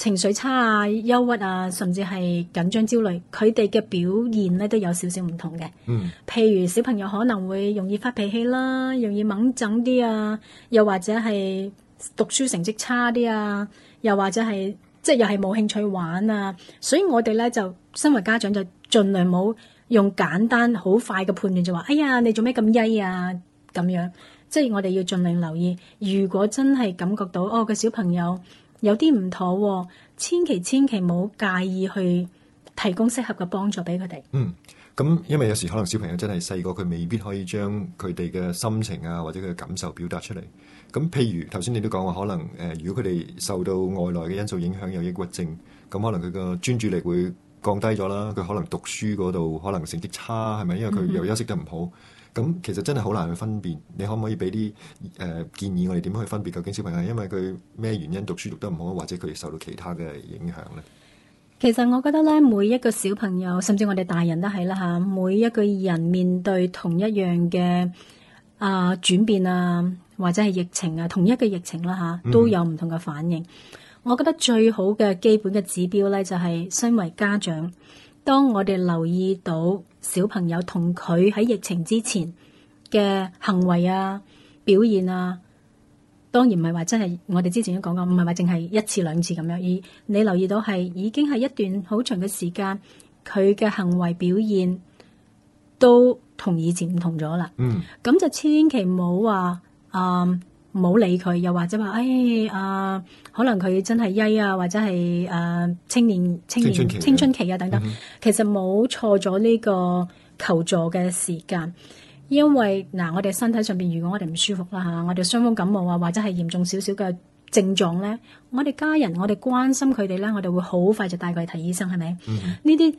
情緒差啊、憂鬱啊，甚至係緊張、焦慮，佢哋嘅表現咧都有少少唔同嘅。嗯，譬如小朋友可能會容易發脾氣啦，容易掹掙啲啊，又或者係讀書成績差啲啊，又或者係即係又係冇興趣玩啊。所以我哋咧就身為家長就盡量冇用簡單好快嘅判斷就話：哎呀，你做咩咁曳啊？咁樣即係我哋要盡量留意。如果真係感覺到哦，個小朋友，有啲唔妥，哦，千祈千祈唔好介意去提供適合嘅幫助俾佢哋。嗯，咁因為有時可能小朋友真係細個，佢未必可以將佢哋嘅心情啊，或者佢嘅感受表達出嚟。咁譬如頭先你都講話，可能誒、呃，如果佢哋受到外來嘅因素影響，有抑鬱症，咁可能佢個專注力會降低咗啦。佢可能讀書嗰度可能成績差，係咪因為佢又休息得唔好？嗯咁其實真係好難去分辨，你可唔可以俾啲誒建議我哋點樣去分別究竟小朋友因為佢咩原因讀書讀得唔好，或者佢哋受到其他嘅影響呢？其實我覺得呢，每一個小朋友，甚至我哋大人都係啦嚇，每一個人面對同一樣嘅啊、呃、轉變啊，或者係疫情啊，同一個疫情啦、啊、嚇，都有唔同嘅反應。嗯、我覺得最好嘅基本嘅指標呢，就係、是、身為家長。當我哋留意到小朋友同佢喺疫情之前嘅行為啊、表現啊，當然唔係話真係我哋之前都講過，唔係話淨係一次兩次咁樣，而你留意到係已經係一段好長嘅時間，佢嘅行為表現都同以前唔同咗啦、嗯。嗯，咁就千祈唔好話啊。唔好理佢，又或者話，誒、哎、啊、呃，可能佢真係曳啊，或者係誒、呃、青年、青年、青春期啊等等，嗯、哼其實冇錯咗呢個求助嘅時間，因為嗱，我哋身體上邊如果我哋唔舒服啦、啊，我哋傷風感冒啊，或者係嚴重少少嘅症狀咧，我哋家人我哋關心佢哋咧，我哋會好快就帶佢去睇醫生，係咪？呢啲、嗯、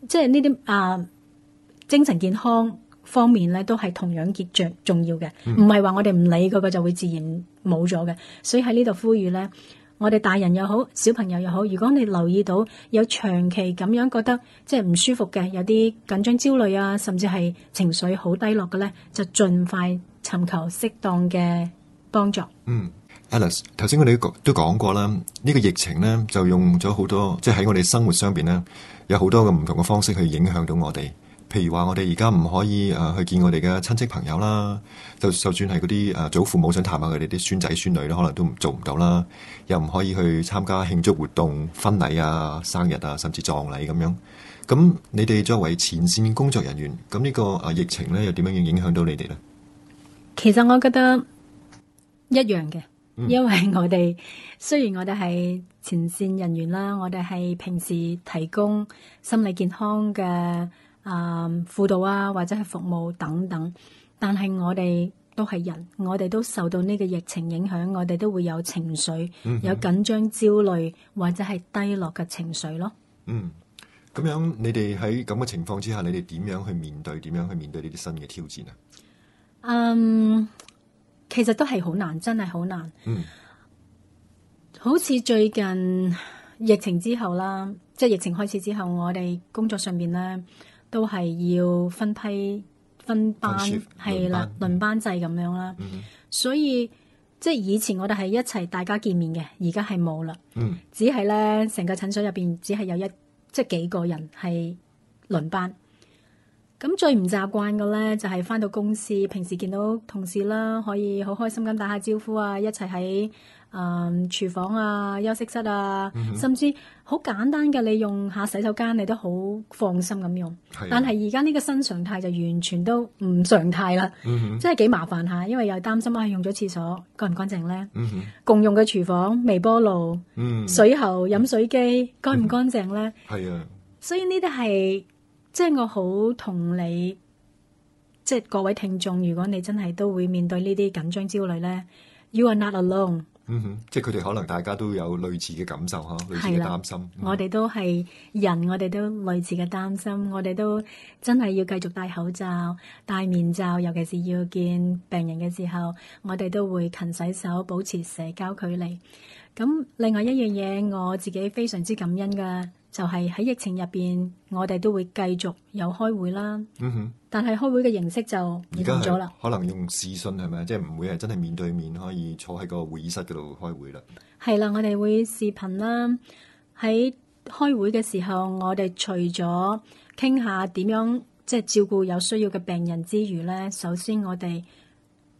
哼即係呢啲啊，精神健康方面咧都係同樣結着重要嘅，唔係話我哋唔理嗰個就會自然冇咗嘅。所以喺呢度呼籲咧，我哋大人又好，小朋友又好，如果你留意到有長期咁樣覺得即係唔舒服嘅，有啲緊張焦慮啊，甚至係情緒好低落嘅咧，就盡快尋求適當嘅幫助。嗯，Alice 頭先我哋都講過啦，呢個疫情咧就用咗好多，即係喺我哋生活上面咧有好多個唔同嘅方式去影響到我哋。譬如話我哋而家唔可以誒去見我哋嘅親戚朋友啦，就就算係嗰啲誒祖父母想探下佢哋啲孫仔孫女啦，可能都做唔到啦，又唔可以去參加慶祝活動、婚禮啊、生日啊，甚至葬禮咁樣。咁你哋作為前線工作人員，咁呢個誒疫情咧又點樣影響到你哋咧？其實我覺得一樣嘅，嗯、因為我哋雖然我哋係前線人員啦，我哋係平時提供心理健康嘅。啊，um, 輔導啊，或者係服務等等，但係我哋都係人，我哋都受到呢個疫情影響，我哋都會有情緒，嗯、哼有緊張、焦慮或者係低落嘅情緒咯。嗯，咁樣你哋喺咁嘅情況之下，你哋點樣去面對？點樣去面對呢啲新嘅挑戰啊？嗯，um, 其實都係好難，真係好難。嗯，好似最近疫情之後啦，即係疫情開始之後，我哋工作上面咧。都係要分批分班，係啦，輪班制咁樣啦，嗯、所以即係以前我哋係一齊大家見面嘅，而家係冇啦，嗯、只係咧成個診所入邊只係有一即係幾個人係輪班。咁最唔習慣嘅咧就係、是、返到公司，平時見到同事啦，可以好開心咁打下招呼啊，一齊喺。啊！廚房啊，休息室啊，甚至好簡單嘅，你用下洗手間，你都好放心咁用。但係而家呢個新常態就完全都唔常態啦，真係幾麻煩吓，因為又擔心我用咗廁所乾唔乾淨呢？共用嘅廚房、微波爐、水喉、飲水機，乾唔乾淨呢？係啊，所以呢啲係即係我好同你，即係各位聽眾，如果你真係都會面對呢啲緊張焦慮呢，You are not alone。嗯哼，即係佢哋可能大家都有類似嘅感受吓，類似嘅擔心。我哋都係人，我哋都類似嘅擔心。我哋都真係要繼續戴口罩、戴面罩，尤其是要見病人嘅時候，我哋都會勤洗手、保持社交距離。咁另外一樣嘢，我自己非常之感恩噶。就係喺疫情入邊，我哋都會繼續有開會啦。嗯哼，但係開會嘅形式就而家係可能用視訊，係咪？即係唔會係真係面對面可以坐喺個會議室嗰度開會啦，嗯，會啦。係啦，我哋會視頻啦。喺開會嘅時候，我哋除咗傾下點樣即係、就是、照顧有需要嘅病人之餘咧，首先我哋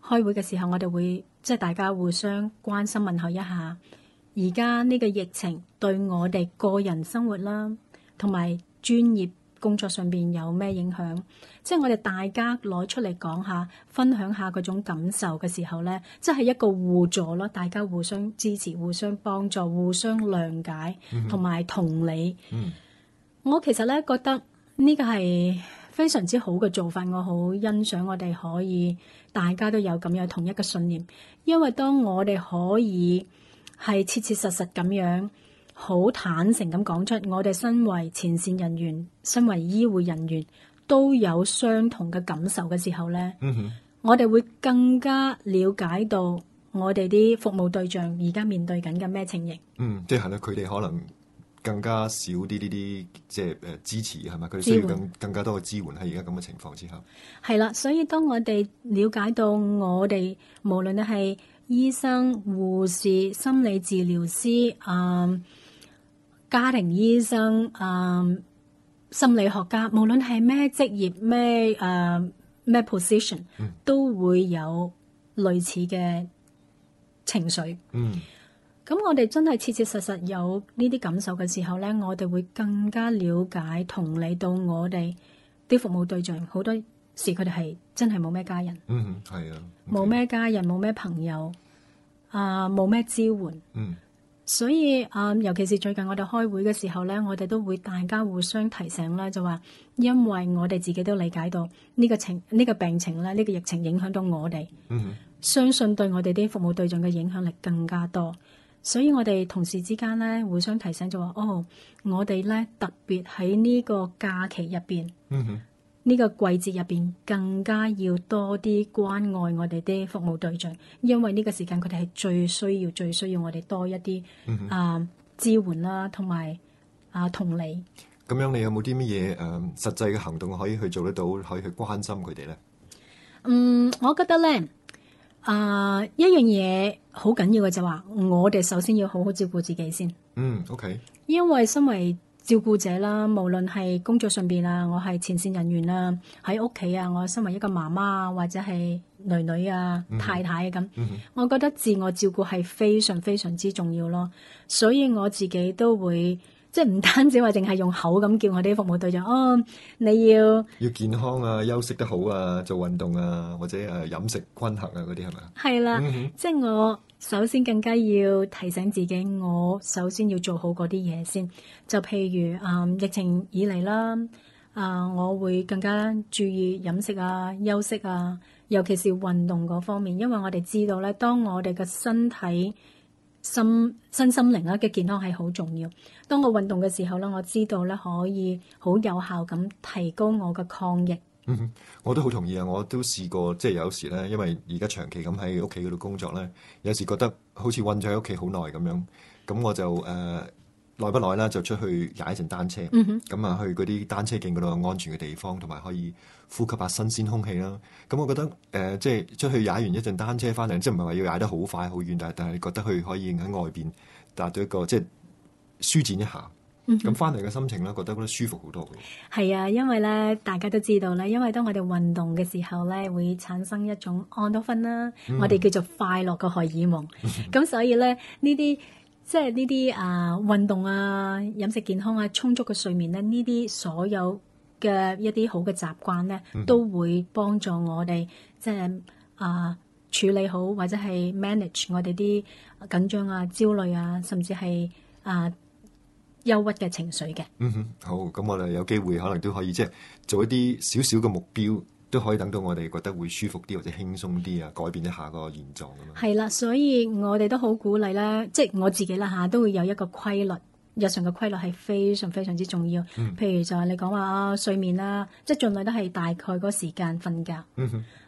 開會嘅時候，我哋會即係、就是、大家互相關心問候一下。而家呢個疫情對我哋個人生活啦，同埋專業工作上邊有咩影響？即係我哋大家攞出嚟講下，分享下嗰種感受嘅時候呢，即係一個互助咯，大家互相支持、互相幫助、互相諒解同埋同理。 [laughs] 我其實呢覺得呢個係非常之好嘅做法，我好欣賞我哋可以大家都有咁樣同一個信念，因為當我哋可以，係切切實實咁樣，好坦誠咁講出，我哋身為前線人員、身為醫護人員，都有相同嘅感受嘅時候咧，嗯哼，我哋會更加了解到我哋啲服務對象而家面對緊嘅咩情形。嗯，即係係啦，佢哋可能更加少啲呢啲，即係誒支持係咪？佢哋需要更援更加多嘅支援喺而家咁嘅情況之下。係啦，所以當我哋了解到我哋無論係。醫生、護士、心理治療師、嗯、呃、家庭醫生、嗯、呃、心理學家，無論係咩職業、咩誒咩 position，都會有類似嘅情緒。嗯，咁我哋真係切切實實有呢啲感受嘅時候咧，我哋會更加了解同理到我哋啲服務對象好多。是佢哋係真係冇咩家人，嗯，係啊，冇咩家人，冇咩朋友，啊、呃，冇咩支援，嗯，所以啊、呃，尤其是最近我哋開會嘅時候咧，我哋都會大家互相提醒啦，就話，因為我哋自己都理解到呢個情呢、呢個病情咧，呢、呢個疫情影響到我哋，嗯哼，相信對我哋啲服務對象嘅影響力更加多，所以我哋同事之間咧互相提醒就話，哦，我哋咧特別喺呢個假期入邊，嗯哼。呢個季節入面更加要多啲關愛我哋啲服務對象，因為呢個時間佢哋係最需要、最需要我哋多一啲啊、嗯哼呃、支援啦，同埋啊同理。咁樣你有冇啲乜嘢誒實際嘅行動可以去做得到，可以去關心佢哋呢？嗯，我覺得呢啊、呃，一樣嘢好緊要嘅就話，我哋首先要好好照顧自己先。嗯，OK。因為身為照顧者啦，無論係工作上邊啊，我係前線人員啊，喺屋企啊，我身為一個媽媽啊或者係囡囡啊、太太咁，我覺得自我照顧係非常非常之重要咯，所以我自己都會。即係唔單止話淨係用口咁叫我啲服務對象，哦，你要要健康啊，休息得好啊，做運動啊，或者誒飲、呃、食均衡啊嗰啲係咪啊？係啦，的嗯、哼即係我首先更加要提醒自己，我首先要做好嗰啲嘢先。就譬如啊、呃，疫情以嚟啦，啊、呃、我會更加注意飲食啊、休息啊，尤其是運動嗰方面，因為我哋知道咧，當我哋嘅身體。心身心靈啊嘅健康係好重要。當我運動嘅時候咧，我知道咧，可以好有效咁提高我嘅抗逆。我都好同意啊！我都試過，即係有時咧，因為而家長期咁喺屋企嗰度工作咧，有時覺得好似困咗喺屋企好耐咁樣，咁我就誒耐、呃、不耐啦，就出去踩一陣單車，咁啊、嗯、哼去嗰啲單車徑嗰度安全嘅地方，同埋可以。呼吸下新鮮空氣啦，咁、嗯、我覺得誒、呃，即係出去踩完一陣單車翻嚟，即係唔係話要踩得好快好遠，但係但係覺得佢可以喺外邊達到一個即係舒展一下，咁翻嚟嘅心情咧，覺得，覺得舒服好多嘅。係啊，因為咧大家都知道咧，因為當我哋運動嘅時候咧，會產生一種安多芬啦、啊，嗯、哼我哋叫做快樂嘅荷爾蒙。咁、嗯、哼所以咧，呢啲即係呢啲啊運動啊、飲食健康啊、充足嘅睡眠咧，呢啲所有。嘅一啲好嘅習慣咧，嗯哼，都會幫助我哋即係啊處理好或者係 manage 我哋啲緊張啊、焦慮啊，甚至係啊、呃、憂鬱嘅情緒嘅。嗯哼，好，咁我哋有機會可能都可以即係、就是、做一啲少少嘅目標，都可以等到我哋覺得會舒服啲或者輕鬆啲啊，改變一下個現狀咁啊。係啦，所以我哋都好鼓勵啦，即、就、係、是、我自己啦嚇，都會有一個規律。日常嘅規律係非常非常之重要，嗯、譬如就係你講話啊，睡眠啦，即係盡量都係大概嗰個時間瞓覺，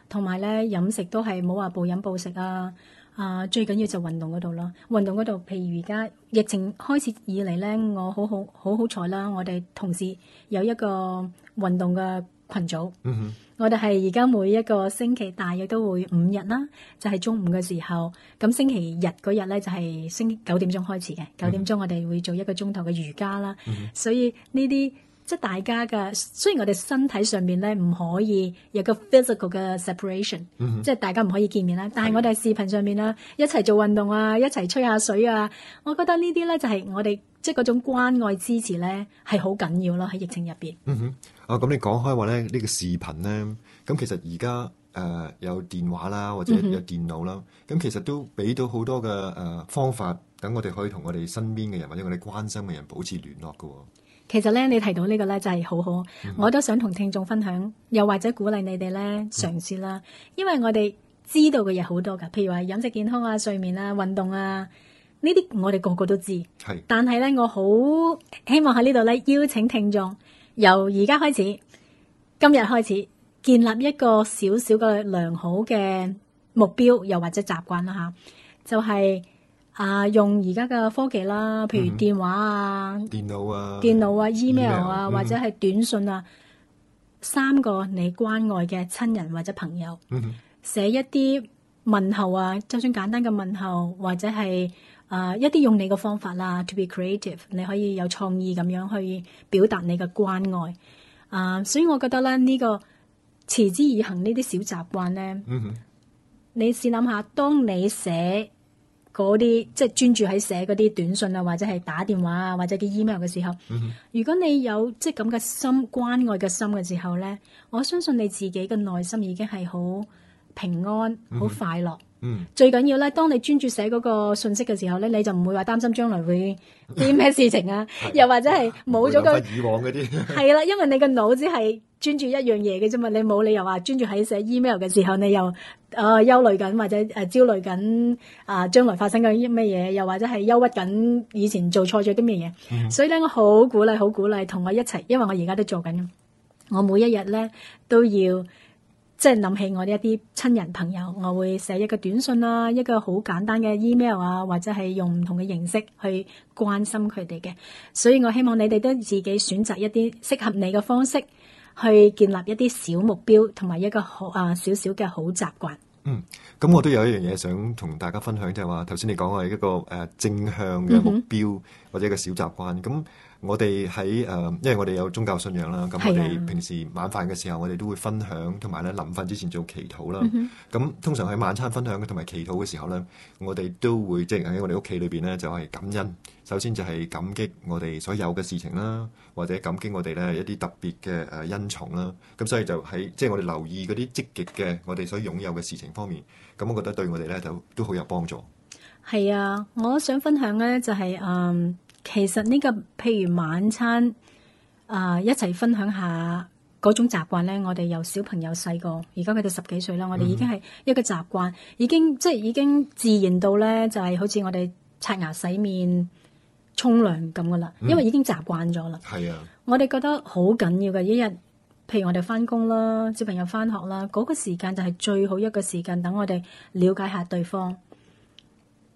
同埋咧飲食都係冇話暴飲暴食啊，啊最緊要就運動嗰度咯，運動嗰度，譬如而家疫情開始以嚟咧，我好好好好彩啦，我哋同事有一個運動嘅羣組。嗯哼我哋係而家每一個星期大約都會五日啦，就係，是，中午嘅時候，咁星期日嗰日呢就係星九點鐘開始嘅，九點鐘我哋會做一個鐘頭嘅瑜伽啦，嗯嗯所以呢啲。這些即係大家嘅，雖然我哋身體上面咧唔可以有個 physical 嘅 separation，mm hmm. 即係大家唔可以見面啦，但係我哋喺視頻上面啦，mm hmm. 一齊做運動啊，一齊吹下水啊，我覺得呢啲咧就係我哋即係嗰種關愛支持咧、啊，係好緊要咯喺疫情入邊。Mm hmm. 啊，咁你講開話咧，呢、這個視頻咧，咁其實而家誒有電話啦，或者有電腦啦，咁、mm hmm. 其實都俾到好多嘅誒方法，等我哋可以同我哋身邊嘅人或者我哋關心嘅人保持聯絡噶。其實咧，你提到呢個咧，就係好好，嗯、我都想同聽眾分享，又或者鼓勵你哋咧嘗試啦。嗯、因為我哋知道嘅嘢好多㗎，譬如話飲食健康啊、睡眠啊、運動啊，呢啲我哋個個都知。係是，但係咧，我好希望喺呢度咧，邀請聽眾由而家開始，今日開始建立一個少少嘅良好嘅目標，又或者習慣啦嚇，就係、是。啊！用而家嘅科技啦，譬如電話啊、電腦啊、電腦啊、email 啊，e、啊或者係短信啊，嗯、哼三個你關愛嘅親人或者朋友，寫、嗯、哼一啲問候啊，就算簡單嘅問候，或者係啊、呃、一啲用你嘅方法啦，to be creative，你可以有創意咁樣去表達你嘅關愛。啊、呃，所以我覺得咧，呢、這個持之以恆呢啲小習慣呢，你試諗下，當你寫。嗰啲即係專注喺寫嗰啲短信啊，或者係打電話啊，或者啲 email 嘅時候，mm hmm. 如果你有即係咁嘅心關愛嘅心嘅時候咧，我相信你自己嘅內心已經係好平安、好、mm hmm. 快樂。嗯、mm，hmm. 最緊要咧，當你專注寫嗰個信息嘅時候咧，你就唔會話擔心將來會啲咩事情啊， [laughs] 的又或者係冇咗個以往嗰啲，係 [laughs] 啦，因為你嘅腦子係。專注一樣嘢嘅啫嘛，你冇理由話專注喺寫 email 嘅時候，你又啊、呃、憂慮緊或者誒、呃、焦慮緊啊、呃、將來發生緊啲咩嘢，又或者係憂鬱緊以前做錯咗啲咩嘢。Mm hmm. 所以咧，我好鼓勵，好鼓勵，同我一齊，因為我而家都在做緊。我每一日咧都要即係諗起我哋一啲親人朋友，我會寫一個短信啦、啊，一個好簡單嘅 email 啊，或者係用唔同嘅形式去關心佢哋嘅。所以我希望你哋都自己選擇一啲適合你嘅方式。去建立一啲小目標同埋一個好啊小小嘅好習慣。嗯，咁我都有一樣嘢想同大家分享，就係話頭先你講嘅一個誒、呃、正向嘅目標或者一個小習慣咁。我哋喺誒，因為我哋有宗教信仰啦，咁我哋平時晚飯嘅時候，我哋都會分享，同埋咧臨瞓之前做祈禱啦。咁、嗯、哼通常喺晚餐分享同埋祈禱嘅時候咧，我哋都會即係喺我哋屋企裏邊咧，就係、是就是、感恩。首先就係感激我哋所有嘅事情啦，或者感激我哋咧一啲特別嘅誒恩寵啦。咁所以就喺即係我哋留意嗰啲積極嘅我哋所擁有嘅事情方面，咁我覺得對我哋咧就都好有幫助。係啊，我想分享咧就係、是、誒。嗯其實呢、這個譬如晚餐啊、呃，一齊分享下嗰種習慣呢。我哋由小朋友細個，而家佢哋十幾歲啦。我哋已經係一個習慣，嗯、哼已經即係已經自然到呢，就係、是、好似我哋刷牙洗、洗面、沖涼咁噶啦。因為已經習慣咗啦。係、嗯、啊，我哋覺得好緊要嘅一日，譬如我哋翻工啦，小朋友翻學啦，嗰、那個時間就係最好一個時間，等我哋了解下對方。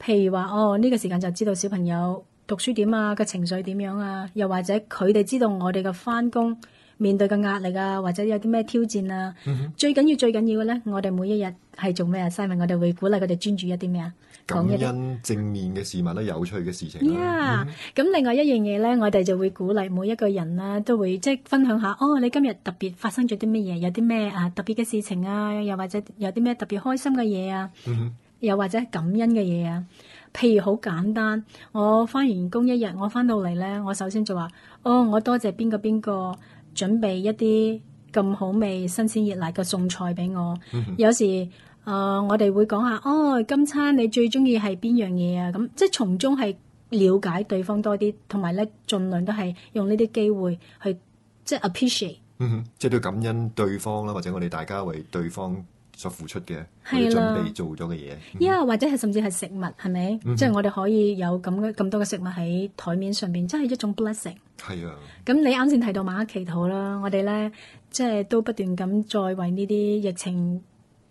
譬如話哦，呢、這個時間就知道小朋友。讀書點啊？個情緒點樣啊？又或者佢哋知道我哋嘅翻工面對嘅壓力啊，或者有啲咩挑戰啊？嗯、哼最緊要最緊要嘅咧，我哋每一日係做咩啊？Simon 我哋會鼓勵佢哋專注一啲咩啊？感恩正面嘅事物啦，嗯、有趣嘅事情。呀！咁另外一樣嘢咧，我哋就會鼓勵每一個人啊，都會即係、就是、分享下。哦，你今日特別發生咗啲乜嘢？有啲咩啊特別嘅事情啊？又或者有啲咩特別開心嘅嘢啊？嗯、哼又或者感恩嘅嘢啊？譬如好簡單，我返完工一日，我返到嚟呢，我首先就話：哦，我多謝邊個邊個準備一啲咁好味、新鮮熱辣嘅餸菜俾我。嗯、哼有時，誒、呃、我哋會講下：哦，今餐你最鍾意係邊樣嘢啊？咁即係從中係了解對方多啲，同埋呢盡量都係用呢啲機會去即係 appreciate。嗯哼，即係都感恩對方啦，或者我哋大家為對方。所付出嘅，的準備做咗嘅嘢，呀 Yeah,、嗯哼，或者係甚至係食物，係咪？即係、嗯、哼我哋可以有咁嘅咁多嘅食物喺台面上面，真係一種 blessing。係啊的。咁你啱先提到晚黑祈禱啦，我哋咧即係都不斷咁再為呢啲疫情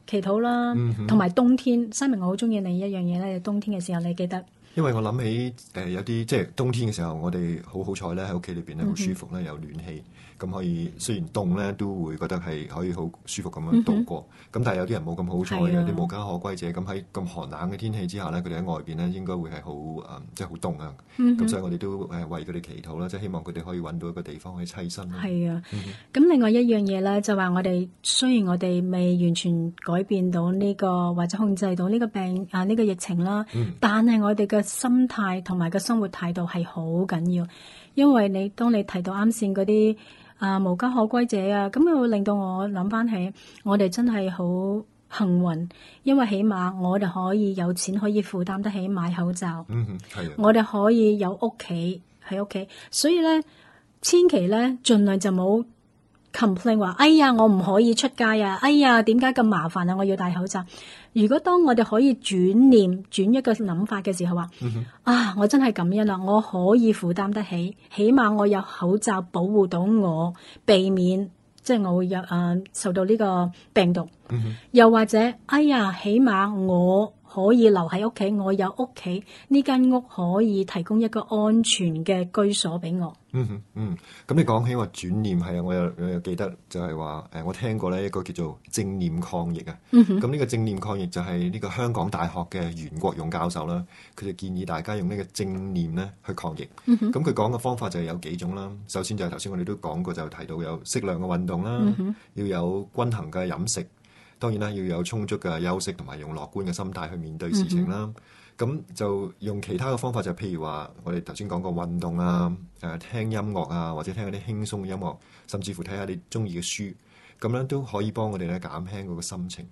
祈禱啦。同埋、嗯、哼冬天，西明我好中意你一樣嘢咧，就是、冬天嘅時候你記得。因為我諗起誒、呃、有啲即係冬天嘅時候，我哋好好彩咧喺屋企裏邊咧好舒服咧、嗯、哼有暖氣。咁可以，雖然凍咧，都會覺得係可以好舒服咁樣度過。咁、嗯、哼但係有啲人冇咁好彩，有啲無家可歸者，咁喺咁寒冷嘅天氣之下咧，佢哋喺外邊咧，應該會係好誒，即係好凍啊！咁、嗯、哼所以我哋都誒為佢哋祈禱啦，即係希望佢哋可以揾到一個地方去棲身。係啊，咁另外一樣嘢咧，就話我哋雖然我哋未完全改變到呢、這個或者控制到呢個病啊，呢、這個疫情啦，但係我哋嘅心態同埋個生活態度係好緊要，因為你，因為你當你提到啱先嗰啲。啊，無家可歸者啊，咁佢會令到我諗翻起，我哋真係好幸運，因為起碼我哋可以有錢，可以負擔得起買口罩。嗯，係。我哋可以有屋企喺屋企，所以咧，千祈咧，盡量就冇 complain 話，哎呀，我唔可以出街啊，哎呀，點解咁麻煩啊，我要戴口罩。如果當我哋可以轉念轉一個諗法嘅時候，話啊，我真係咁樣啦，我可以負擔得起，起碼我有口罩保護到我，避免即係我會有啊受到呢個病毒。又或者，哎呀，起碼我可以留喺屋企，我有屋企呢間屋可以提供一個安全嘅居所俾我。嗯哼嗯，咁、嗯、你講起話轉念係啊，我又我又記得就係話誒，我聽過咧一個叫做正念抗疫啊。咁呢、嗯、哼個正念抗疫就係呢個香港大學嘅袁國勇教授啦，佢就建議大家用呢個正念咧去抗疫。嗯，咁佢講嘅方法就係有幾種啦，首先就係頭先我哋都講過就提到有適量嘅運動啦，嗯、哼要有均衡嘅飲食，當然啦要有充足嘅休息，同埋用樂觀嘅心態去面對事情啦。嗯哼嗯咁就用其他嘅方法，就譬如話我哋頭先講過運動啊，誒、嗯、聽音樂啊，或者聽嗰啲輕鬆嘅音樂，甚至乎睇下你中意嘅書，咁咧都可以幫我哋咧減輕個心情。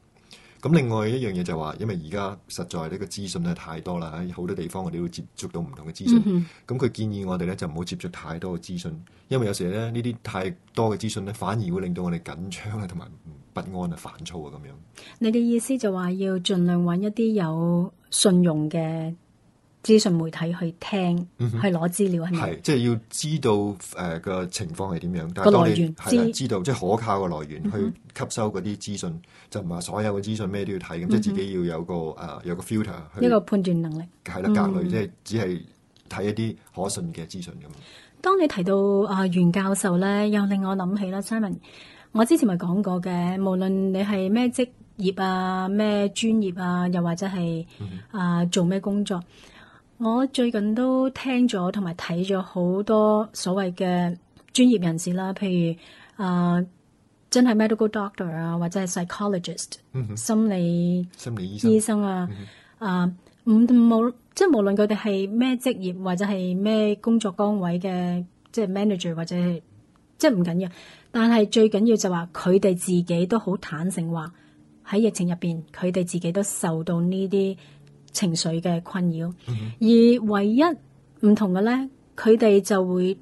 咁另外一樣嘢就係話，因為而家實在呢個資訊咧太多啦，喺好多地方我哋會接觸到唔同嘅資訊。咁佢、嗯、哼建議我哋咧就唔好接觸太多嘅資訊，因為有時咧呢啲太多嘅資訊咧反而會令到我哋緊張啊，同埋不安啊、煩躁啊咁樣。你嘅意思就話要盡量揾一啲有信用嘅資訊媒體去聽，去攞資料係咪？係即係要知道誒個情況係點樣？但係當你知道即係可靠嘅來源去吸收嗰啲資訊，就唔係所有嘅資訊咩都要睇咁，即係自己要有個誒有個 filter。一個判斷能力係啦，隔濾即係只係睇一啲可信嘅資訊咁啊。當你提到啊袁教授咧，又令我諗起啦，Simon，我之前咪講過嘅，無論你係咩職業啊、咩專業啊，又或者係啊做咩工作。我最近都聽咗同埋睇咗好多所謂嘅專業人士啦，譬如啊、呃，真係 medical doctor 啊，或者係 psychologist 心理 [laughs] 心理醫生啊， [laughs] 啊唔冇即係無論佢哋係咩職業或者係咩工作崗位嘅，即係 manager 或者係即係唔緊要，但係最緊要就話佢哋自己都好坦誠話喺疫情入邊，佢哋自己都受到呢啲。情緒嘅困擾，mm hmm。而唯一唔同嘅呢，佢哋就會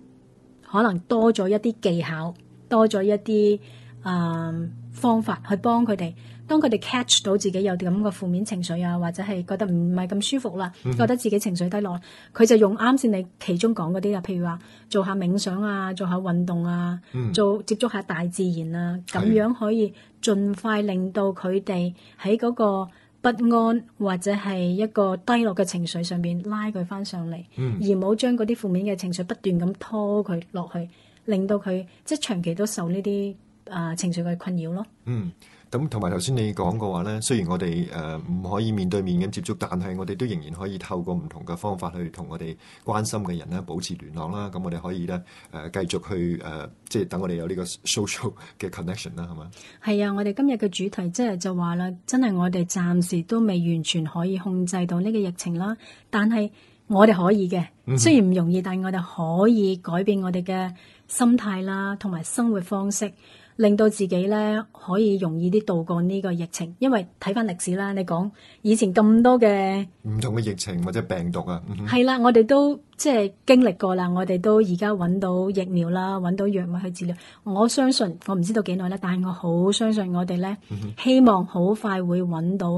可能多咗一啲技巧，多咗一啲啊、呃、方法去幫佢哋。當佢哋 catch 到自己有啲咁嘅負面情緒啊，或者係覺得唔係咁舒服啦，mm hmm。覺得自己情緒低落，佢就用啱先你其中講嗰啲啊，譬如話做下冥想啊，做下運動啊，mm hmm。做接觸下大自然啊，咁樣可以盡快令到佢哋喺嗰個不安或者係一個低落嘅情緒上邊，拉佢翻上嚟，嗯、而冇將嗰啲負面嘅情緒不斷咁拖佢落去，令到佢即係長期都受呢啲啊情緒嘅困擾咯。嗯。咁同埋頭先你講過話咧，雖然我哋誒唔可以面對面咁接觸，但係我哋都仍然可以透過唔同嘅方法去同我哋關心嘅人咧保持聯絡啦。咁、啊、我哋可以咧誒、呃、繼續去誒，即係等我哋有呢個 social 嘅 connection 啦，係嘛？係啊，我哋今日嘅主題即係就話啦，真係我哋暫時都未完全可以控制到呢個疫情啦，但係我哋可以嘅，雖然唔容易，但係我哋可以改變我哋嘅心態啦，同埋生活方式。令到自己咧可以容易啲渡過呢個疫情，因為睇返歷史啦，你講以前咁多嘅唔同嘅疫情或者病毒啊，係啦、嗯哼，我哋都即係經歷過啦，我哋都而家揾到疫苗啦，揾到藥物去治療。我相信我唔知道幾耐啦，但係我好相信我哋咧，嗯、哼希望好快會揾到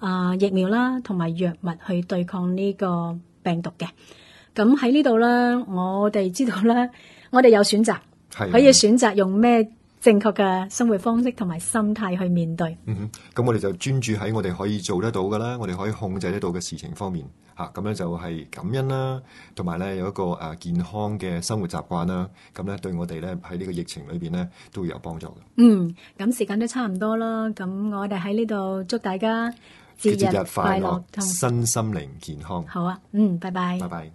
啊、呃、疫苗啦，同埋藥物去對抗呢個病毒嘅。咁喺呢度咧，我哋知道咧，我哋有選擇，的可以選擇用咩？正確嘅生活方式同埋心態去面對。嗯哼，咁我哋就專注喺我哋可以做得到嘅啦，我哋可以控制得到嘅事情方面，吓咁咧就係感恩啦，同埋咧有一個誒、啊、健康嘅生活習慣啦，咁咧對我哋咧喺呢個疫情裏邊咧都會有幫助嘅。嗯，咁時間都差唔多啦，咁我哋喺呢度祝大家節日快樂，身心靈健康。好啊，嗯，拜拜，拜拜。